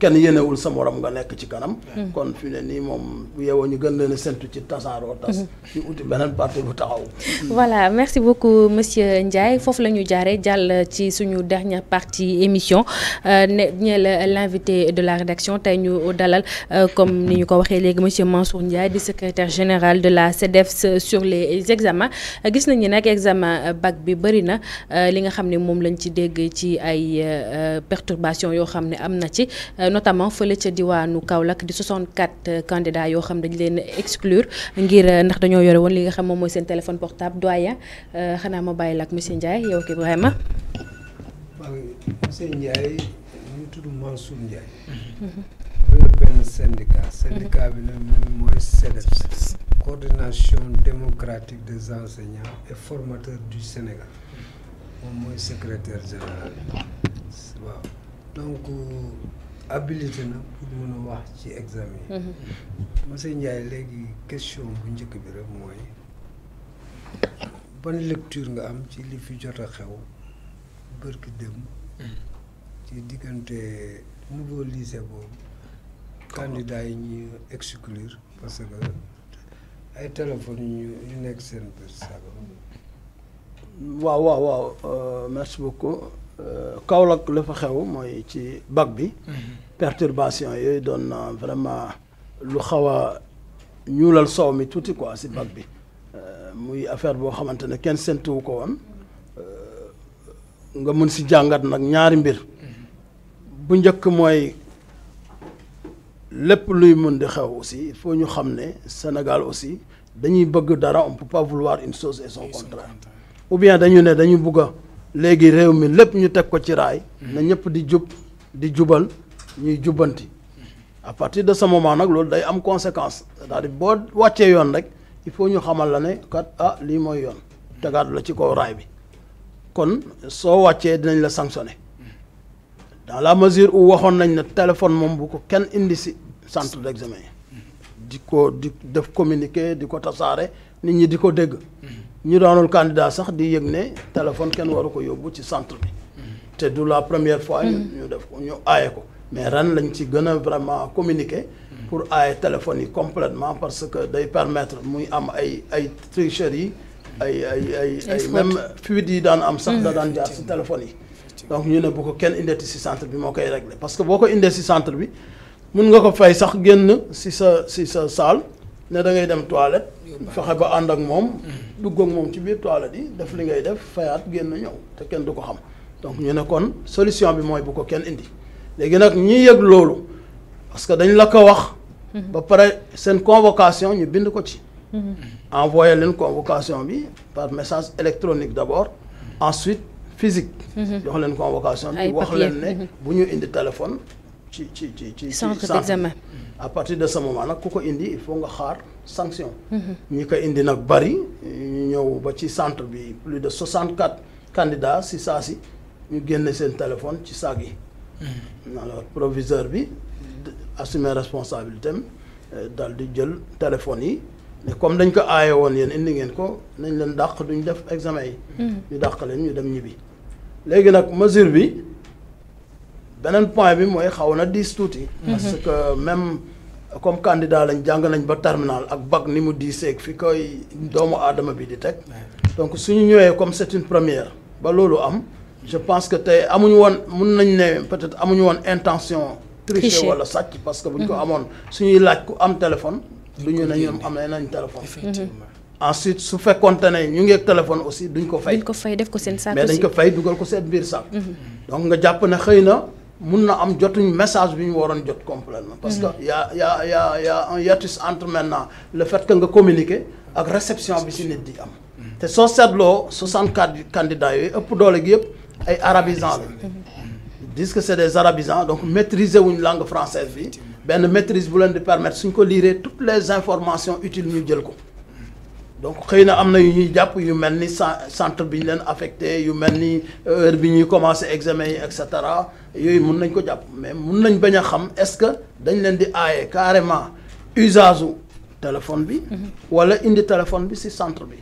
kenn yéenewul sa morom nga nekk ci kanam. kon fi ne nii moom bu ñu gën leen a séntu ci tasaaroo tas. ñu uti beneen parti bu taxaw.
voilà merci beaucoup monsieur Ndiaye foofu la ñu jaaree jàll ci suñu dernière partie émission euh, ne la l'invité de la rédaction tey ñu dalal euh, comme ni ñu ko waxee léegi monsieur Mansour Ndiaye di secrétaire général de la CDEPS sur les examens gis nañu nag examen bag bi bëri na euh, li nga xam ne moom lañ ci dégg ci ay perturbations yoo xam ne am na ci. Euh, notamment fële ca diwaanu Kaolack di 64 euh, candidats yoo xam dañ leen exclure ngir euh, ndax dañoo yore woon li nga xam moom mooy seen téléphone portable doyen xanaa ma bàyyi la ak monsieur Ndiaye yow ak Ibrahima.
waaw monsieur Ndiaye ñu tudd Mansour Ndiaye. mu mhm. benn syndicat. syndicat bi nag mooy CEDEPS. coordination démocratique des enseignants et formateurs du Sénégal. moom mooy secrétaire général waaw habilité na pour mën a wax ci examen yi. Mhm. monsieur Ndiaye léegi question bu njëkk bi rek mooy ban lecture nga am ci li fi jot a xew bërki dem mhm. ci diggante nouveau lycée boobu. yi ñu exclure parce que ay téléphone yu ñu nekk seen bés.
waaw waaw waaw euh, merci beaucoup. Euh, Kaolack la fa xew mooy ci bac bi. Mhm. perturbation yooyu doon na vraiment lu xaw a ñuulal soow mi tuuti quoi si bac bi. Euh, muy affaire boo xamante ne kenn séntuwu ko woon euh, nga mën si jàngat nag ñaari mbir. Mhm. bu njëkk mooy lépp luy mun di xew aussi il ñu xam ne Sénégal aussi dañuy bëgg dara on peut pas vouloir une chose contraire ou bien dañu ne dañu bëgg a. léegi réew mi lépp ñu teg ko ci raay na mhm. ñëpp di jub di jubal ñuy jubbanti mhm. à partir de ce moment nag loolu day am conséquence cest boo wàccee yoon rek il faut ñu xamal la ne kat ah lii mooy yoon tegaat la ci kaw raay bi kon soo wàccee dinañ la sanctionner mhm. dans la u waxoon nañ ne téléphone moom bu ko kenn indi si centre d'examen di ko di def communiquer di ko tasaare nit ñi di ko dégg ñu daanul candidat sax di yëg ne téléphone kenn waru ko yóbbu ci centre bi te du la première fois ñu mm-hmm. def ko ñu aaye ko mais ren lañ ci gën a vraiment communiqué mm-hmm. pour aaye téléphone yi completement parce que day permettre muy am ay ay tricherie ay ay ay ay même fuite yi daan am sax daan jaar si mm-hmm. téléphone yi donc ñu ne bu ko kenn indeeti si centre bi moo koy régler parce que boo ko indee si centre bi mun nga ko fay sax génn si sa si sa salle ne da ngay dem toilette. fexe ba ànd ak moom. dugg ak moom ci biir toilette yi def li ngay def fayaat génn ñëw te kenn du ko xam donc ñu ne kon solution bi mooy bu ko kenn indi léegi nag ñi yëg loolu parce que dañ la ko wax. Mhm. ba pare seen convocation ñu bind ko ci. Mhm. envoyé leen convocation bi par message électronique d'abord ensuite physique. Mhm. jox leen convocation bi wax leen ne bu ñu indi téléphone. ci ci ci ci centre d'examen à partir de ce moment nag ku ko indi il faut nga xaar sanction mhm. ñi ko indi nag bari ñu ñëw ba ci centre bi plus de 64 candidats si saa si ñu génne seen téléphone ci saag yi mhm. alors proviseur bi assumer responsabilité am euh, dal di jël téléphone yi mais comme dañ ko aaye woon yéen indi ngeen ko nañ leen dàq duñ def examen yi mhm. ñu dàq leen ñu dem ñibbi léegi nag mesure bi beneen point bi mooy xaw na diis tuuti. parce mhm. que même comme candidat lañ jàng nañ ba terminal ak bac ni mu diiseeg fi koy doomu aadama bi di teg. donc suñu ñëwee comme c'est une première ba loolu am je pense que tey amuñu woon mun nañ ne peut-être amuñu woon intention. tricher wala sàcc parce que bu ñu ko mhm. amoon suñuy laaj ku am téléphone. du ñu ne ñoom am nañ téléphone. effectivement ensuite su fekkonte ne ñu ngi ak téléphone aussi duñ ko fay. duñ
ko fay def ko seen saak dañ ko fay
dugal ko seen biir saak. Mhm. donc nga jàpp ne xëy na. mun na am jotuñu message bi ñu waroon jot complètement parce que ya a y' a un hiatus entre maintenant le fait que nga communiqué ak réception bi si nit di am. te soo seetloo 64 candidats yooyu ëpp doole gi yëpp ay arabisants la. disent que est des arabisants donc maitriser wuñ langue française bi benn maitrise bu leen di permettre suñ ko liiree toutes les informations utiles ñu jël ko. donc xëy na am na yu ñuy jàpp yu mel ni centre bi ñu leen affecté yu mel ni euh, heure bi ñuy commencé examen yi et cetera. yooyu mun nañ ko jàpp mais mun nañ bañ a xam est-ce que dañ leen di aaye carrément usage téléphone bi. Mhm. wala indi téléphone bi ci centre bi.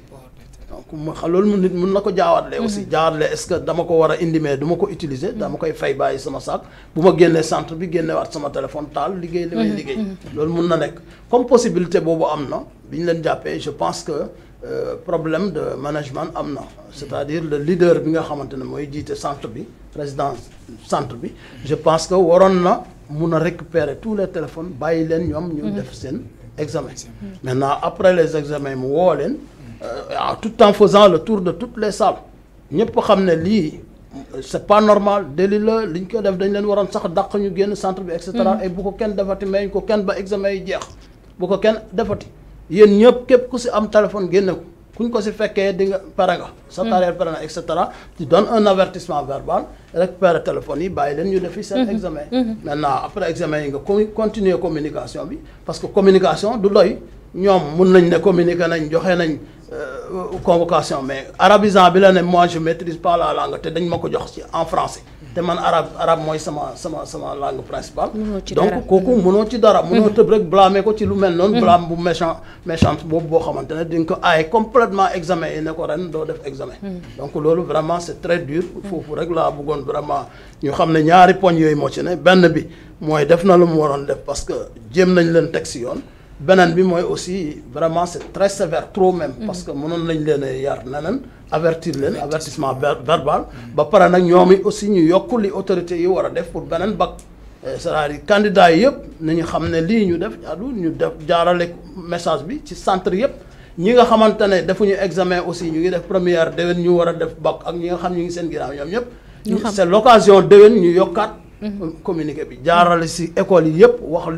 donc mu xam loolu mun nit mun na ko jaawaatle aussi mhm. jaawaatle est-ce que dama ko war a indi mais du ko utiliser dama koy fay bàyyi sama sac bu ma génnee centre bi génnewaat sama téléphone taal liggéey li may mhm. liggéey loolu mun na nekk comme possibilité boobu am na bi ñu leen jàppee je pense que Euh, problème de management am na c'est-à-dire le leader bi nga xamante ne mooy jiite centre bi président centre bi je pense que waroon na mun a récupérer tous les téléphones bàyyi leen ñoom ñu mm-hmm. def seen examen maintenant après les examens mu woo leen euh, tout en faisant le tour de toutes les salles ñëpp xam ne lii c'est pas normal déli la li ñu ko def dañ leen waroon sax daq ñu génn centre bi et mm-hmm. et bu ko kenn defati may ñu ko kenn ba examen yi jeex ko kenn defati yéen ñëpp képp ku si am téléphone génne ko ñu ko si fekkee di nga pare nga sa hmm. carrière pare na et cetera tu donnes un avertissement verbal récupère téléphone yi bàyyi leen ñu defi seen hmm. examen hmm. maintenant après examen yi nga continuer communication bi parce que communication du doy ñoom mun nañ ne communiquer nañ joxe nañ convocation mais arabisant bi la ne moi je maîtrise pas la langue te dañ ma ko jox ci en français te man arabe arabe mooy sama sama sama langue principale donc kooku mënoo ci dara mënoo mmh. tëb rek blâmer ko ci lu mel noonu mmh. blâme bu méchant méchante boobu boo xamante ne dañ ko aaye complètement examen yi ne ko ren doo def examen mmh. donc loolu vraiment c'est très dur foofu rek laa bëggoon vraiment ñu xam ne ñaari poñ yooyu moo ci ne benn bi mooy def na lu mu waroon parce que jéem nañ leen teg si yoon beneen bi mooy aussi vraiment c' est très sévère trop même. Mm. parce que mënoon nañ leen a yar neneen avertir leen avertissement verbal. ba pare nag ñoom it aussi ñu yokk li autorités yi war a def pour beneen bac. Euh, c' est à dire candidats yi yëpp nañu xam ne lii ñu def jaadu ñu def jaarale message bi ci centre yëpp ñi nga xamante ne defuñu examen aussi ñu ngi def première déwén ñu war a def bac ak ñi nga xam ñu ngi seen ginnaaw ñoom ñëpp. ñu xam c' ñu yokkaat. Mm-hmm. communiqué bi jaarale si école yi yëpp wax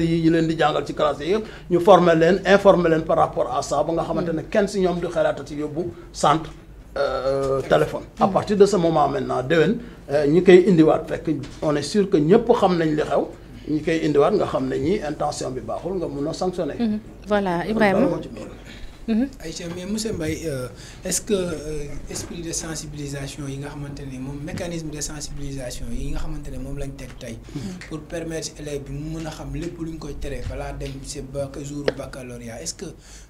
li yi ñu leen di jàngal ci classe yi yëpp ñu former leen informer leen par rapport à ça ba nga xamante ne mm-hmm. kenn si ñoom du xalaata ci yóbbu centre euh, téléphone à mm-hmm. partir de ce moment maintenant déwén euh, ñi koy indiwaat fekk on est sûr que ñëpp xam nañ li xew ñi koy indiwaat nga xam ne ñi intention bi baaxul nga mun a sanctionner
voilà Ibrahima Mhm. Aïcha mais monsieur
Mbaye euh, est-ce que euh, esprit de sensibilisation yi nga xamante ne moom mécanisme de sensibilisation yi nga xamante ne moom lañ teg tey. Mhm. pour permettre élève bi mu mën a xam lépp luñ koy tere balaa dem si ba jour baccalauréat est-ce que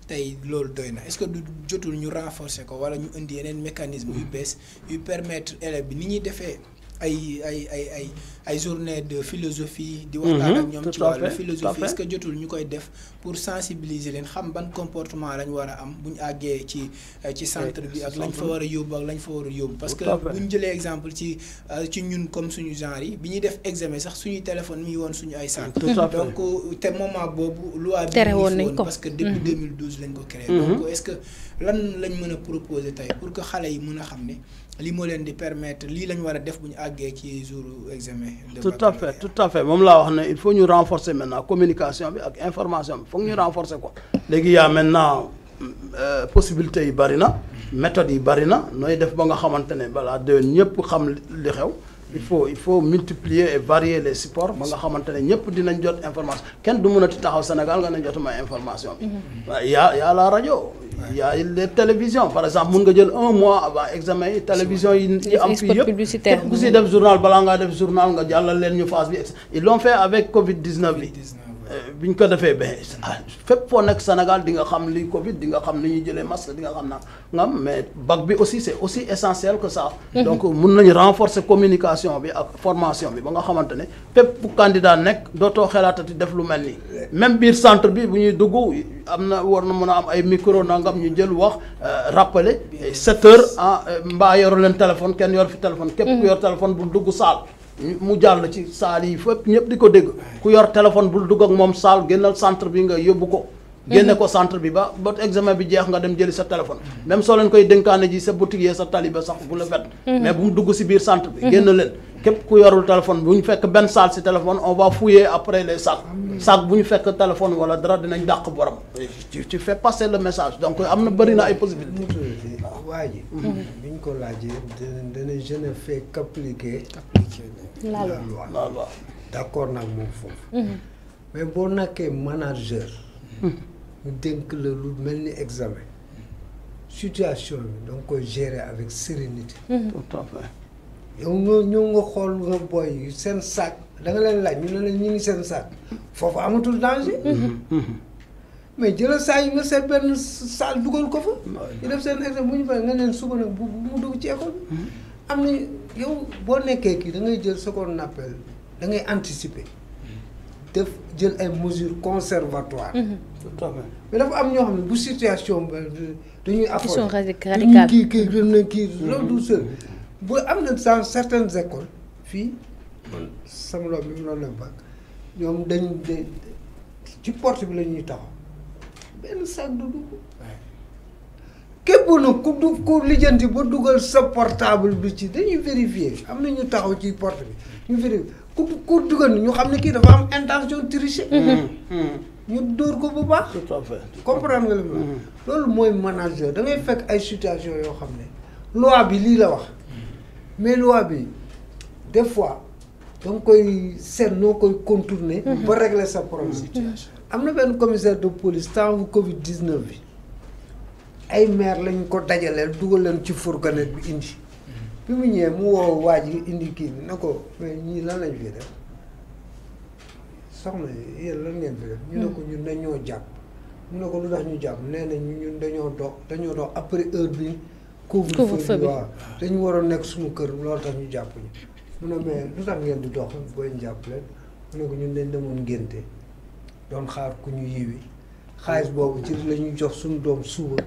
tey loolu doy na est-ce que du jotul ñu renforcer ko wala ñu indi yeneen mécanisme yu mhm. bees yu permettre élève bi ni ñuy defee. ay ay ay ay ay journée de philosophie. di mhm. waxtaan ak ñoom ci wàllu que jotul ñu koy def pour sensibiliser leen xam ban comportement lañ war a am bu ñu àggee ci euh, ci centre bi ak lañ fa war a yóbbu ak lañ fa war a parce que bu ñu jëlee exemple ci euh, ci ñun comme suñu genre yi bi ñuy def examen sax suñuy téléphone mi woon suñu ay centre donc euh, te moment boobu. loi bi terewoon nañ ko parce que depuis 2012 mhm. lañ ko créé. Mhm. donc est-ce que lan lañ mën a proposer tey pour que xale yi mën a xam ne. lii moo leen di permettre lii la ñu war a def bu ñu àggee ci jour examen. de tout
à fait tout à fait moom laa wax ne il faut ñu renforcer maintenant communication bi ak information bi foog ñu renforcer ko. léegi yaa maintenant euh, possibilité yi bari na méthodes yi bari na nooy def ba nga xamante ne balaa déwén ñëpp xam li xew. il faut il faut multiplier et varier les supports ba nga xamante ne ñëpp dinañ jot information kenn du mënati taxaw Sénégal nga ne ma information bi. Mhm. y a y la rajo. y a les par exemple mun nga jël un mois avant examen yi télévision yi. yi am si yëpp képp si def journal balaa ngaa def journal nga jàllal leen ñu phase bi ils l'ont fait avec Covid 19 bi. Euh, bi ñu ko defee ba fépp foo nekk Sénégal di nga xam li Covid di nga xam ni ñuy jëlee masque di nga xam na nga mais bag bi aussi c'est aussi essentiel que ça. Mhm. donc euh, mun nañu renforcer communication bi ak formation bi ba nga xamante ne fépp bu candidat nekk dootoo xelaatati def lu mel nii. même biir centre bi bu ñuy dugg am na war na mun a am ay micro nangam ñu jël wax euh, rappeler 7 heures ah mbaa yoru leen téléphone kenn yor fi téléphone. képp ku mhm. yor téléphone bu dugg saal. mu jàll ci saal yi fépp ñëpp di ko dégg ku yor téléphone bul dugg ak moom saal génnal centre bi nga yóbbu ko
mhm. génne
ko centre bi ba ba examen bi jeex nga dem jëli sa téléphone même soo leen koy dénkaane ji sa boutique yee sa tali ba sax bu la bet mhm. mais bu mu dugg si biir centre bi mhm. génn leen képp ku yorul téléphone bu ñu fekk benn saal si téléphone on va fouiller après les sacs sac bu ñu fekk téléphone wala dara dinañ dàq borom tu tu fais passer le message donc am na bëri na ay
possibilités waa ji mm-hmm. bi ñu ko laajee dana je ne fais qu'appliquer la moom foofu mm-hmm. mais boo nekkee manager
mm-hmm.
ñu dénk la lu mel ni examen situation bi danga koy gérer avec sérénité yow nga ñëw nga xool nga boy seen sac danga leen laaj ñu ne leen ñu ngi seen sac foofu amatul danger. Mm-hmm. Mm-hmm. mais jëlal saa yi nga seet benn salle dugal ko fa. Mm-hmm. ñu def seen examen bu ñu paree nga leen suba nag bu mu dugg ci école am na yow boo nekkee kii da ngay jël ce qu'on appelle da ngay anticiper. def jël ay mesures conservatoires.
tout
à mais dafa am ñoo xam ne bu situation ba dañuy. affronter ils
sont radicaux kii
kii du seul. bu am na dans certaines écoles fii man sama loolu bi mu doon def bac ñoom dañ de ci porte bi la ñuy taxaw benn sac du dugg képp nag ku du ku lijjanti ba dugal sa portable bi ci dañuy vérifier am na ñu taxaw ci porte bi ñu vérifier ku ku dugal ñu xam ne kii dafa am intention tricher mm-hmm. Mm-hmm. Mm-hmm. ñu dóor ko bu baax tout à fait comprendre nga loolu mooy manager da fekk ay situation yoo xam ne loi bi lii la wax mais loi bi def fois da nga koy seet noo koy contourner. Mhm. ba régler sa problème. Mhm. am na benn commissaire de police temps bu Covid bi ay maire lañ ko dajaleel dugal leen ci fourgonnette bi indi. Mhm. bi mu ñëwee mu woo waa yi indi kii bi ne ko mais ñii lan lañ fi def soxna yéen lan ngeen ñu ne ko ñun dañoo jàpp. mu ne ko lu tax ñu jàpp nee ñu ñu dañoo dox dañoo dox après heure bi couvre-feu bi waaw dañu waroon nekk suñu kër loolu tax ñu jàpp ñu mu ne mais lu tax ngeen di dox booy ñu jàpp leen mu ne ko ñun dañ demoon ngénte doon xaar ku ñu yiwi xaalis boobu ci lañuy jox suñu doom suuba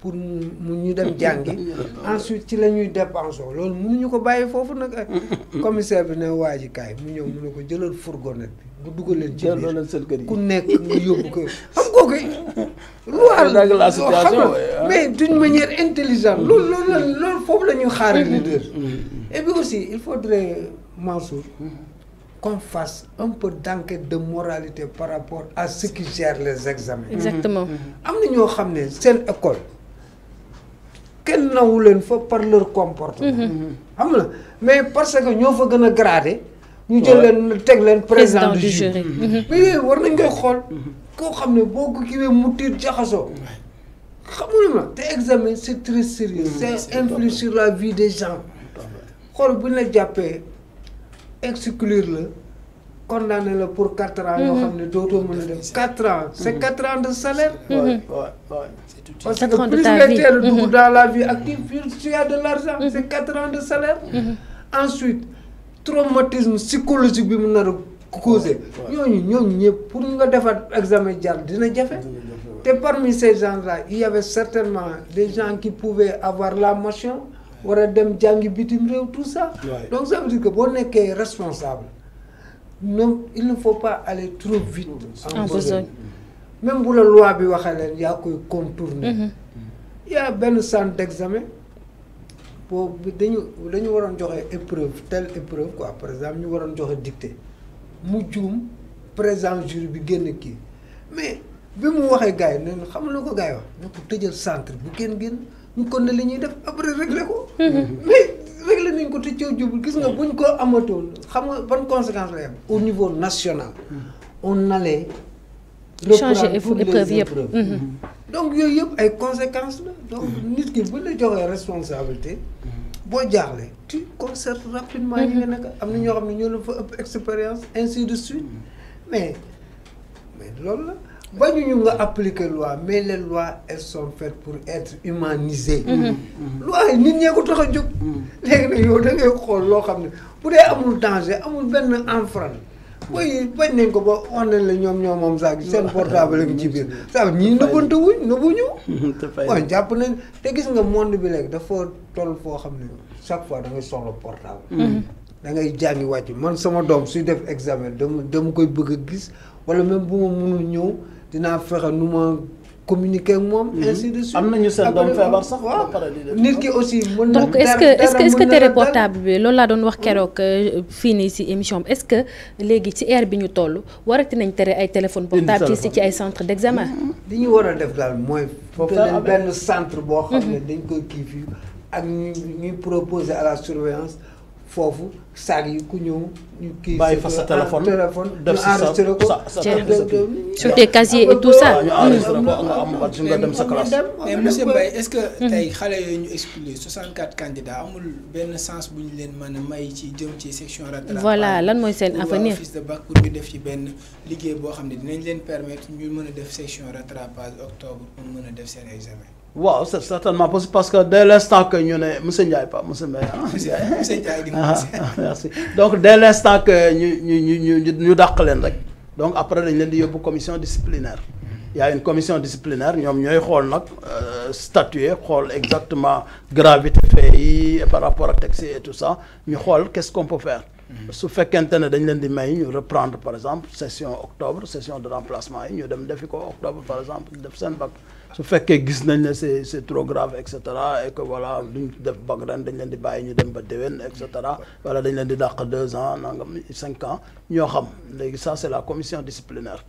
pour mu ñu dem jàngi ensuite ci la ñuy dépense mu ñu ko bàyyi foofu nag commissaire bi ne waa ji kaay mu ñëw mu ne ko jëlal fourgonnette bi bu dugal leen ci biir seen kër yi ku nekk nga yóbbu ko xam nga koy. loolu daal la situation mais d'une manière intelligente. Mm. loolu loolu la loolu foofu la ñuy xaaree mm. leader. Mm. et aussi il faudrait Mansour. qu'on fasse un peu d'enquête de moralité par rapport à ceux qui gèrent les examens. exactement. am na ñoo xam ne seen école. kenn nawu leen fa par leur comportement. xam mm-hmm. nga mais parce que ñoo fa gën a gradé. ñu jël leen teg leen président du jury mm-hmm. Mm-hmm. mais yooyu war nañ koy xool mm-hmm. koo xam ne boo ko kiiwee mu tiir jaxasoo xamul ma te examen c'est très sérieux c'est influe sur la vie des gens xool bu ñu la jàppee exclure la condamné la pour quatre ans yoo xam ne dootoo mën a def quatre ans c'est quatre ans de salaire parce que plus nga teel a dugg dans la vie active plus tu as de l'argent c'est quatre ans de salaire ensuite traumatisme psychologique bi mu nar a causé ñooñu ñooñu ñëpp pour nga defar examen jàll dina jafe te parmi ces gens-là il y avait certainement des gens qui pouvaient avoir la motion war dem jàngi bitim réew tout ça donc ça veut dire que boo nekkee responsable non il ne faut pas aller trop vite en besogne ah, même bu la loi bi waxee leen yaa koy contourner mm-hmm. il benn centre d'examen boobu dañu dañu waroon joxe épreuve telle épreuve ko par exemple ñu waroon joxe dictée mu juum présent jury bi génn kii mais bi mu waxee gars yi ne xam na ko gaay yi wax ñu ko tëjal centre bu kenn génn ñu kon ne li ñuy def après réglé ko. mais réglé nañ ko te coow jubul gis nga buñ ko amatoon xam nga ban conséquence lay am. au niveau national hmm. on nale changer épreuve yëpp mhm. Mhm. donc yooyu yëpp ay conséquences la donc mhm. nit ki bu la joxee responsabilité boo jaaxle tu concertes rapidement yi nga nekk am na ñoo xam ne ñoo la fa ëpp expérience ainsi de suite mais mais loolu la ñu nga appliquer loi mais le lois elles sont faites pour être humanisées. loi nit ñee ko tax a jóg. léegi nag yow da xool loo xam ne bu dee amul danger amul benn enfreinte. oui bañ nañ ko ba wax nañ la ñoom ñoom moom sax seen portable la ci biir ça ñii nëbbante wuñ nëbbuñu. te fay waaw jàpp nañ te gis nga monde bi léegi dafa toll foo xam ne chaque fois da ngay soxla portable. Mm-hmm. da ngay jàngi wàcc man sama doom suy def examen dama dama koy bëgg a gis wala même bu ma mënul ñëw dinaa fexe nu ma. communiquer ak moom. Mhm. ainsi de suite am nañu seen doom feebar sax waaw nit ki aussi mën na donc est-ce que est-ce que est-ce que tere portable
bi loolu laa doon wax keroog euh, fii nii si émission bi est-ce que léegi ci ère bi ñu toll warati nañ tere ay téléphone portable ci ci ay centre d'examen. Mhm.
li ñu war a def daal mooy. foofu benn centre boo xam ne mhm. dañ koy kii fii ak ñuy ñuy proposer à la surveillance foofu. saag yi ku ñëw ñu kii bàyyi fa sa téléphone téléphone def si sa sa
sur tes casiers et tout ça. Ah, ñu ah, enregistré ko nga am at nga dem sa classe. mais monsieur Mbaye
est-ce que mm-hmm. tey xale yooyu ñu exclure 64 candidats amul benn sens bu ñu leen mën a may ci jëm ci section rattrapage. voilà lan mooy seen avenir office de bac pour ñu def ci benn liggéey boo xam ne dinañ leen permettre ñu mën a def section rattrapage octobre pour mën a def seen examen.
waaw c'est certainement possible parce que dès l'instant que ñu ne monsieur Ndiaye pas monsieur Mbaye ah, monsieur Ndiaye ah, ah, merci donc dès l'instant que ñu ñu ñu ñu ñu dàq leen rek donc après dañ leen di yóbbu commission disciplinaire y a une commission disciplinaire ñoom ñooy xool nag euh, statuer xool exactement gravité fait yi par rapport ak texte et tout ça ñu xool qu'est-ce qu'on peut faire mm-hmm. su fekkente ne dañ leen di may ñu reprendre par exemple session octobre session de remplacement yi ñu dem defi ko octobre par exemple def seen bac su fekkee gis nañ ne c'est c'est trop grave et cetera et que voilà duñ def bac dañ leen di bàyyi ñu dem ba déwén et cetera wala dañ leen di dàq deux ans nangam cinq ans ñoo xam léegi sa c'est la commission disciplinaire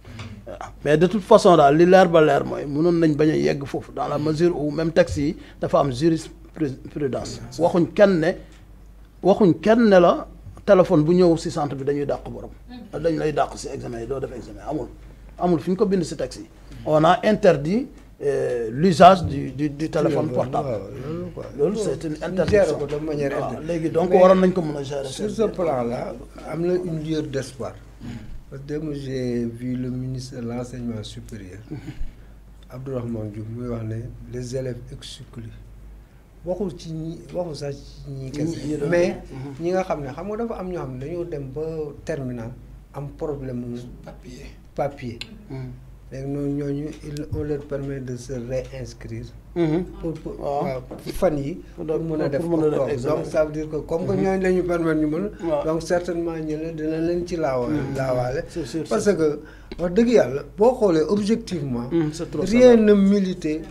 mais de toute façon daal li leer ba leer mooy munoon nañ bañ a yegg foofu dans la mesure où même texte yi dafa am jurisprudence waxuñ kenn ne waxuñ kenn ne la téléphone bu ñëw si centre bi dañuy dàq borom dañ lay dàq ci examen yi doo def examen amul amul fi ñu ko bind ci texte yi a interdit Euh, l'usage du du du téléphone portable.
loolu c'est une interdiction ko de manière interdite léegi donc waroon nañ ko mun a gérer. sur ce plan la am na une lueur d'espoir. parce que démb j'ai le ministre de l'enseignement supérieur. Abdourahmane Diouf muy wax ne les élèves exclus waxul ci ñi waxul sax ci ñi kese mais mhm. ñi nga xam ne xam nga dafa am ñoo xam ne dañoo dem ba terminal am problème papier papier. Mhm. léegi noonu ñooñu il on permet de se réinscrire. Mhm. pour pour ah. waaw fan yi pour mën a def donc ça veut dire que comme que mhm. ñooñu la ñu permettre ñu mën. donc certainement ñu ne dina leen ci laawa mhm. laawaale. parce que wax dëgg yàlla boo xoolee objectivement. rien ne milité.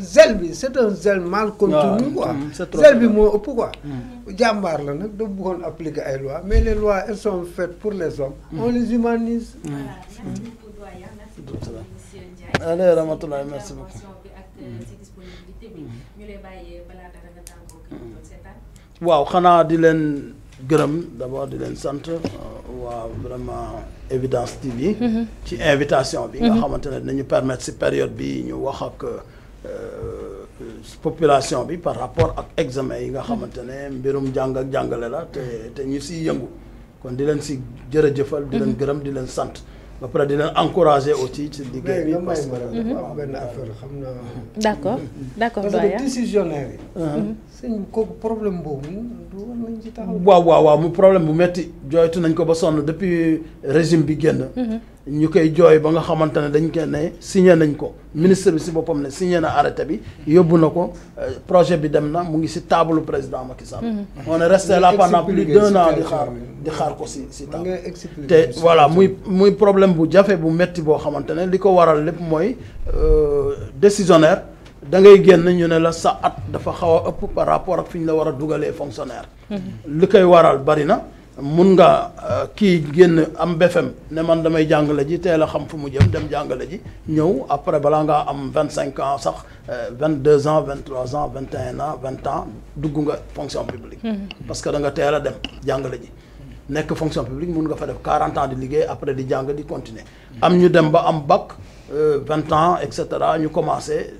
zèle bi c'est un zèle mal contenu quoi zèle bi moo ëpp ko jàmbaar la nag dafa bëggoon appliquer ay lois mais les lois elles sont faites pour les hommes. on les humanise.
tout cela allez merci beaucoup
waaw xanaa di leen gërëm d'abord di leen sant uh, waa vraiment Evidence TV mm-hmm. ci invitation bi nga mm-hmm. xamante ne dinañu permettre si période bi ñu wax ak euh, euh, population bi par rapport ak examen yi nga mm-hmm. xamante ne mbirum jàng ak jàngale la te te ñu siy yëngu kon di leen si jërëjëfal di leen gërëm di leen sant ba pare dina encouragé aussi ci liggéey bi.
parce que am mhm. benn affaire xam naa. d' accord d' accord doyen parce que décisionnaire
yi. Ah. Mhm.
sëñ kooku problème boobu du war nañ ci taxaw. waaw
waaw waaw mu problème bu metti jooytu nañ ko ba sonn depuis régime bi génn. Mhm. ñu koy jooy ba nga xamante ne dañ koy ne signé nañ ko ministre bi si boppam ne siñee na arrêté bi yóbbu na ko euh, projet bi dem na mu ngi si taabalu président Macky Sall. Mhm. on est resté là pendant plus d'un an di xaar di xaar ko si si table. te voilà muy muy problème bu jafe bu métti boo xamante ne li ko waral lépp mooy euh, décisionnaire da ngay génn ñu ne la sa at dafa xaw a ëpp par rapport ak fi ñu la war a dugalee fonctionnaire. Mhm. li koy waral bari na. mun nga euh, kii génn am BFM ne man damay jàngale ji teel a xam fu mu jëm dem jàngale ji ñëw après balaa ngaa am vingt cinq ans sax euh, vingt deux ans vingt trois ans vingt et un ans vingt ans dugg nga fonction publique. Mm-hmm. parce que da nga teel a dem jàngale ji. nekk fonction publique mun nga fa def quarante ans di liggéey après di jàng di continuer. am ñu dem ba am bac euh, vingt ans et cetera ñu commencé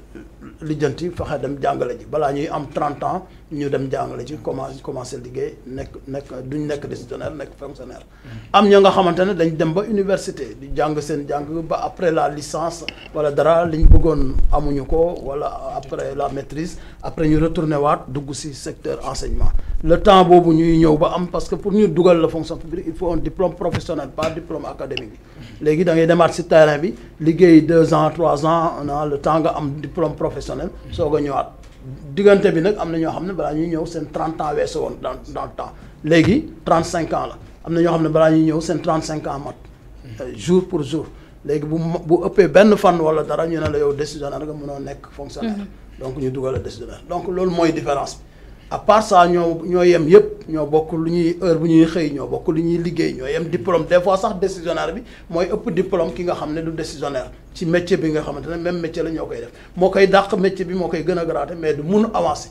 lijjanti fexe dem jàngale ji balaa ñuy am trente ans. ñu dem jàngale ci commencé commencé liggéey nekk nekk duñ nekk décisionnaire nekk fonctionnaire mm-hmm. am ñoo nga xamante ne dañ dem ba université du jàng seen jàng ba après la licence wala dara li ñu bëggoon amuñu ko wala après la maîtrise après ñu retourné waat dugg si secteur enseignement le temps boobu ñuy ñëw ba am parce que pour ñu dugal la fonction publique il faut un diplôme professionnel pas diplôme académique mm-hmm. léegi da ngay demaat si terrain bi liggéey deux ans trois ans le temps nga am diplôme mm-hmm. soog a ñëwaat diggante bi nag am na ñoo xam ne balaa ñuy ñëw seen 30 ans weesu woon dans dans le temps léegi 35 ans la am na ñoo xam ne balaa ñuy ñëw seen 35 ans mat euh, jour pour jour léegi bu bu ëppee benn fan wala dara ñu ne la yow décisionnaire nga mënoo nekk fonctionnaire. Mm-hmm. donc ñu dugal la décisionnaire donc loolu mooy différence bi à part ça ñoo ñoo yem yëpp ñoo bokk lu ñuy heure bu ñuy xëy ñoo bokk lu ñuy liggéey ñoo yem diplôme des fois sax décisionnaire bi mooy ëpp ki nga xam ne du décisionnaire. ci métier bi nga xamante ne même métier la ñoo koy def moo koy dàq métier bi moo koy gën a gratter mais du mun avancer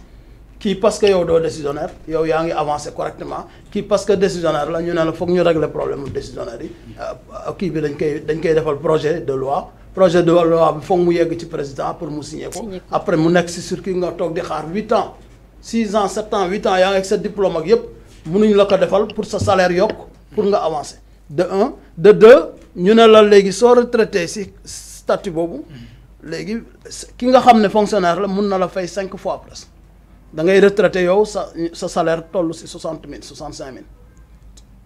kii parce que doo décisionnaire yow yaa ngi avancer correctement kii parce que décisionnaire la ñu ne la foog ñu régler problème mu yi euh, kii bi dañ koy dañ koy defal projet de loi projet de loi bi foog mu yegg ci président pour mu signer ko après mu nekk si circuit nga toog di xaar huit ans six ans sept ans huit ans yaa ngi ak sa diplôme ak yëpp mënuñ la ko defal pour sa salaire yokk pour nga avancer de ñu ne la léegi soo retraité si statut boobu léegi ki nga xam ne fonctionnaire la mun na la fay cinq fois plus da ngay retraité yow sa sa salaire toll si soixante mille soixante cinq mille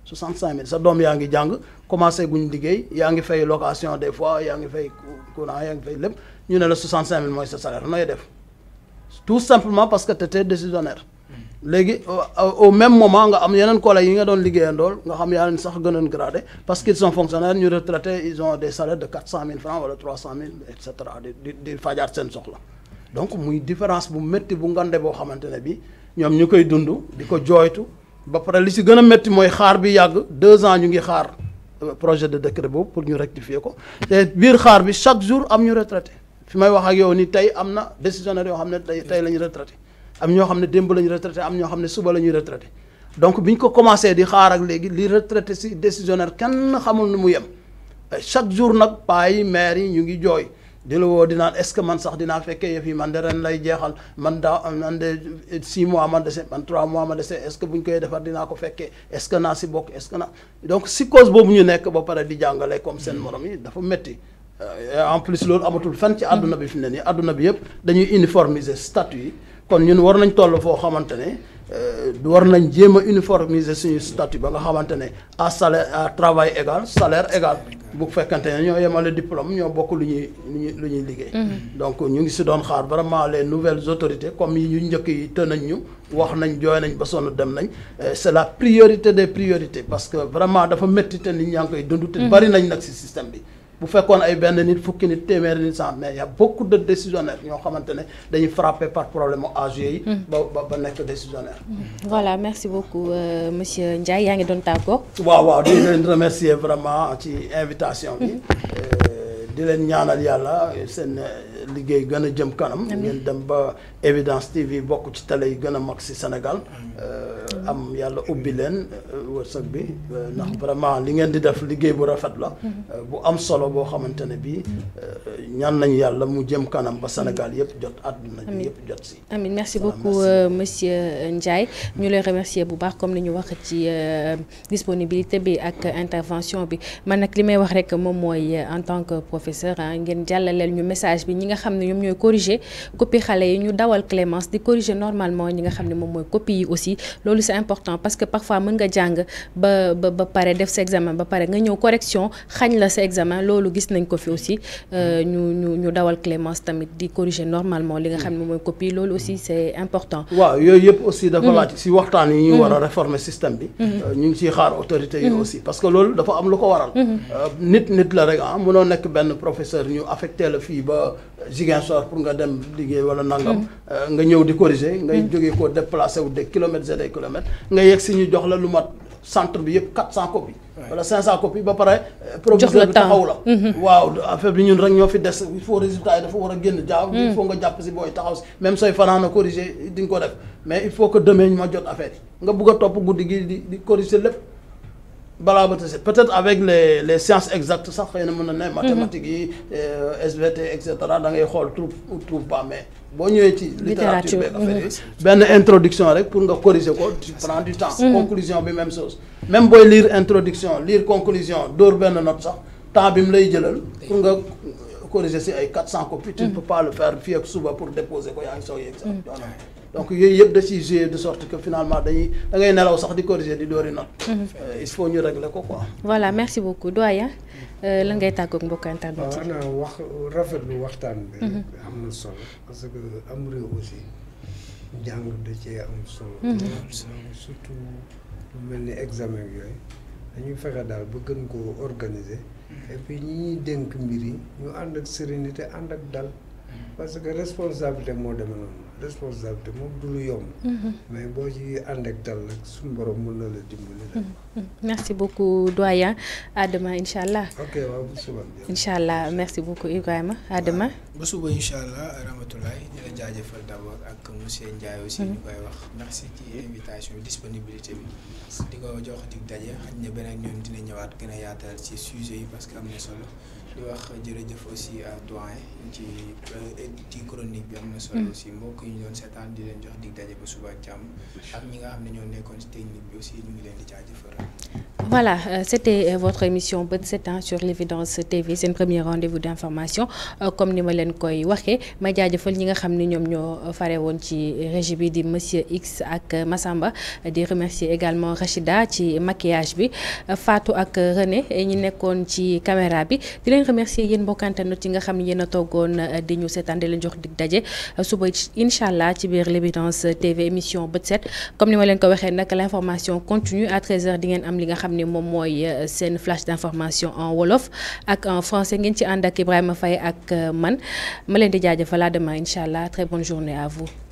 soixante cinq mille sa doom yaa ngi jàng commencé guñ liggéey yaa ngi fay location des fois yaa ngi fay courant yaa ngi fay lépp ñu ne la soixante cinq mille mooy sa salaire nooy def tout simplement parce que t'étais décisionnaire léegi euh, au même moment nga am yeneen collègues yi nga doon liggéeyandool nga xam yaa leen sax gënoon gradé parce qu'ils sont fonctionnaires ñu retraités ils ont des salaires de quatre cent mille francs wala trois cent mille et di di di seen soxla donc muy différence bu métti bu ngande boo xamante ne bi ñoom ñu koy dund di ko jooytu ba pare li si gën a métti mooy xaar bi yàgg deux ans ñu ngi xaar euh, projet de décret boobu pour ñu rectifier ko te biir xaar bi chaque jour am ñu retraité fi may wax ak yow ni tey am na décisionnaire yoo xam ne tey tey la ñu retraité am ñoo xam ne démb la ñu retraité am ñoo xam ne suba la retraité donc bi ñu ko commencé di xaar léegi li retraité si décisionnaire kenn xamul nu mu yem chaque jour nag paa yi maire yi ñu ngi jooy di la woo est-ce que man sax dinaa fekkee yëf yi man de ren lay jeexal man daa man de six mois ma dese man trois mois ma dese est-ce que bu ñu koy defar dinaa ko fekkee est-ce que naa si bokk est donc si cause boobu ñu nekk ba pare di jàngale comme seen morom yi dafa métti euh, en plus loolu amatul fan ci àdduna bi fi mu ne nii àdduna bi yëpp dañuy uniformiser statut yi. kon ñun war nañ toll foo xamante ne euh, war nañ jéem a uniformiser suñu statut ba nga xamante ne à salaire à travail égal salaire égal bu fekkante ne ñoo yemale diplôme ñoo bokk lu ñuy lu ñuy lu ñuy liggéey. Mm-hmm. donc ñu ngi si doon xaar vraiment les nouvelles autorité comme yi ñu njëkk yi të nañ ñu wax nañ jooy nañ ba sonn dem nañ euh, c'est la priorité des priorités parce que vraiment dafa métti te nit ñaa ngi koy te mm-hmm. bari nañ nag ci système bi. bu fekkoon ay benn nit fukki nit téeméeri nit cent mais y' a beaucoup de ñoo xamante ne dañuy frappé par problème mu âge yi. Mm. ba ba ba nekk décisionnaire.
Mm. voilà merci beaucoup euh, monsieur Ndiaye yaa ngi doon tàggoo.
waaw waaw di leen remercier vraiment ci invitation bi. Mm. Euh, di leen ñaanal yàlla seen. liggéey gën a jëm kanam ngeen dem ba Evidence TV bokk ci télé yi gën a mag si Sénégal am yàlla ubbi leen euh, wërsëg bi euh, ndax vraiment li ngeen di def liggéey bu rafet la euh, bu am solo boo xamante ne bii ñaan nañu yàlla mu jëm kanam ba Sénégal yëpp jot àdduna bi yëpp jot si
amiin merci beaucoup monsieur Ndiaye ñu lay remercier bu baax comme ni ñu wax ci disponibilité bi ak intervention bi man nag li may wax rek moom mooy en tant que professeur ah, ngeen jàllaleel xam ne ñoom ñooy corriger copie xale yi ñu dawal clémence di corriger normalement ñi nga xam ne mooy copie yi aussi loolu c'est important parce que parfois mën nga jàng ba ba ba pare def sa examen ba pare nga ñëw correction xañ la sa examen loolu gis nañ ko fi aussi euh, ñu ñu ñu dawal di corriger normalement li nga xam ne moom mooy copie loolu aussi c'est important.
waaw yooyu yëpp aussi dafa mm-hmm. laaj si waxtaan yi ñu mm-hmm. war a réformer système bi. Mm-hmm. Euh, ñu ngi xaar autorité yi aussi parce que loolu dafa am lu ko waral. Euh, nit nit la rek ah, Ziguinchor pour nga dem liggéey wala nangam. Mm. Euh, nga ñëw di corriger. ngay mm. jógee ko déplacé wu des kilomètres et des kilomètres. nga yegg si ñu jox la lu mat centre bi yëpp 400 copies. wala 500 copies ba pare. Euh, proviseur bi la mm-hmm. waaw affaire ñun rek ñoo fi des il faut résultat yi dafa war a génn jaaw. Mm. il faut nga jàpp si booy taxaw si même sooy fanaan a corriger di nga ko def mais il faut que demain ñu ma jot affaire yi nga bugg a topp guddi gi di di corriger lépp. balaabatiser peut-être avec les les sciences exactes sax xëy na mën na ne. mathématiques yi euh, SVT et cetera da ngay xool trouve trouve pas mais boo ñëwee ci. littérature beeg mhm. benn introduction rek pour nga corriger ko tu prends du temps. Mhm. conclusion bi même chose. même booy liir introduction lire conclusion dóor benn note sax temps bi mu lay jëlal pour nga. corriger si ay quatre copies. tu ne mhm. peux pas le faire suba pour déposer ko yaa ngi soog yegg sax. donc yooyu yëpp da ciy de sorte que finalement dañuy da nelaw sax di corriger di doori noonu. Mhm. Euh, il faut ñu la ko quoi.
voilà merci beaucoup doyen euh, lan ngay tàggoog mbokk internet yi.
wax rafetlu waxtaan bi. Mhm. am na solo parce que am réew aussi jàng da cee am mhm. solo. surtout lu mel ni examen yooyu dañuy fexe daal ba gën koo organiser. et puis ñi ñuy dénk mbir yi ñu ànd ak sérénité ànd ak dal parce que responsabilité moo demee noonu. responsabilité moom du lu yomb. Mhm. mais boo ci ànd ak dal rek suñu borom mën na la dimbali rek. Mhm.
Mhm. merci beaucoup doyen à demain incha allah.
ok waaw bu suba.
incha allah merci beaucoup Ibrahima à demain. bu suba
incha allah Ramatoulaye di la jaajëfal d'abord ak monsieur Ndiaye aussi ñu koy wax merci ci invitation disponibilité bi di ko jox dig daje xaj na beneen ñoom dina ñëwaat gën a yaatal ci sujet yi parce que am na solo. di wax jërëjëf aussi à doyen ci euh, ci chronique mm. ba suba ak jàmm ak ñi nga
xam euh, euh, votre émission Bët Set sur l'Evidence TV seen premier rendez d'information comme ni ma leen koy waxee ma jaajëfal ñi nga xam ne ñoom ñoo fare woon ci régie bi di monsieur X ak Massamba di remercier également Rachida ci maquillage bi Fatou ak René ñi nekkoon ci caméra bi di leen remercier yéen mbokkante not yi nga xam ne yéen a toggoon euh, di ñu seetaan di jox dig daje suba incha allah ci biir l'évidence TV émission bët set comme ni ma leen ko waxee nag l' information continue à 13h di ngeen am li nga xam ni moom mooy euh, seen flash d' en wolof ak en français ngeen ci ànd ak Ibrahima fay ak euh, man ma leen di jaajëfal à demain incha allah très bon journée à vous.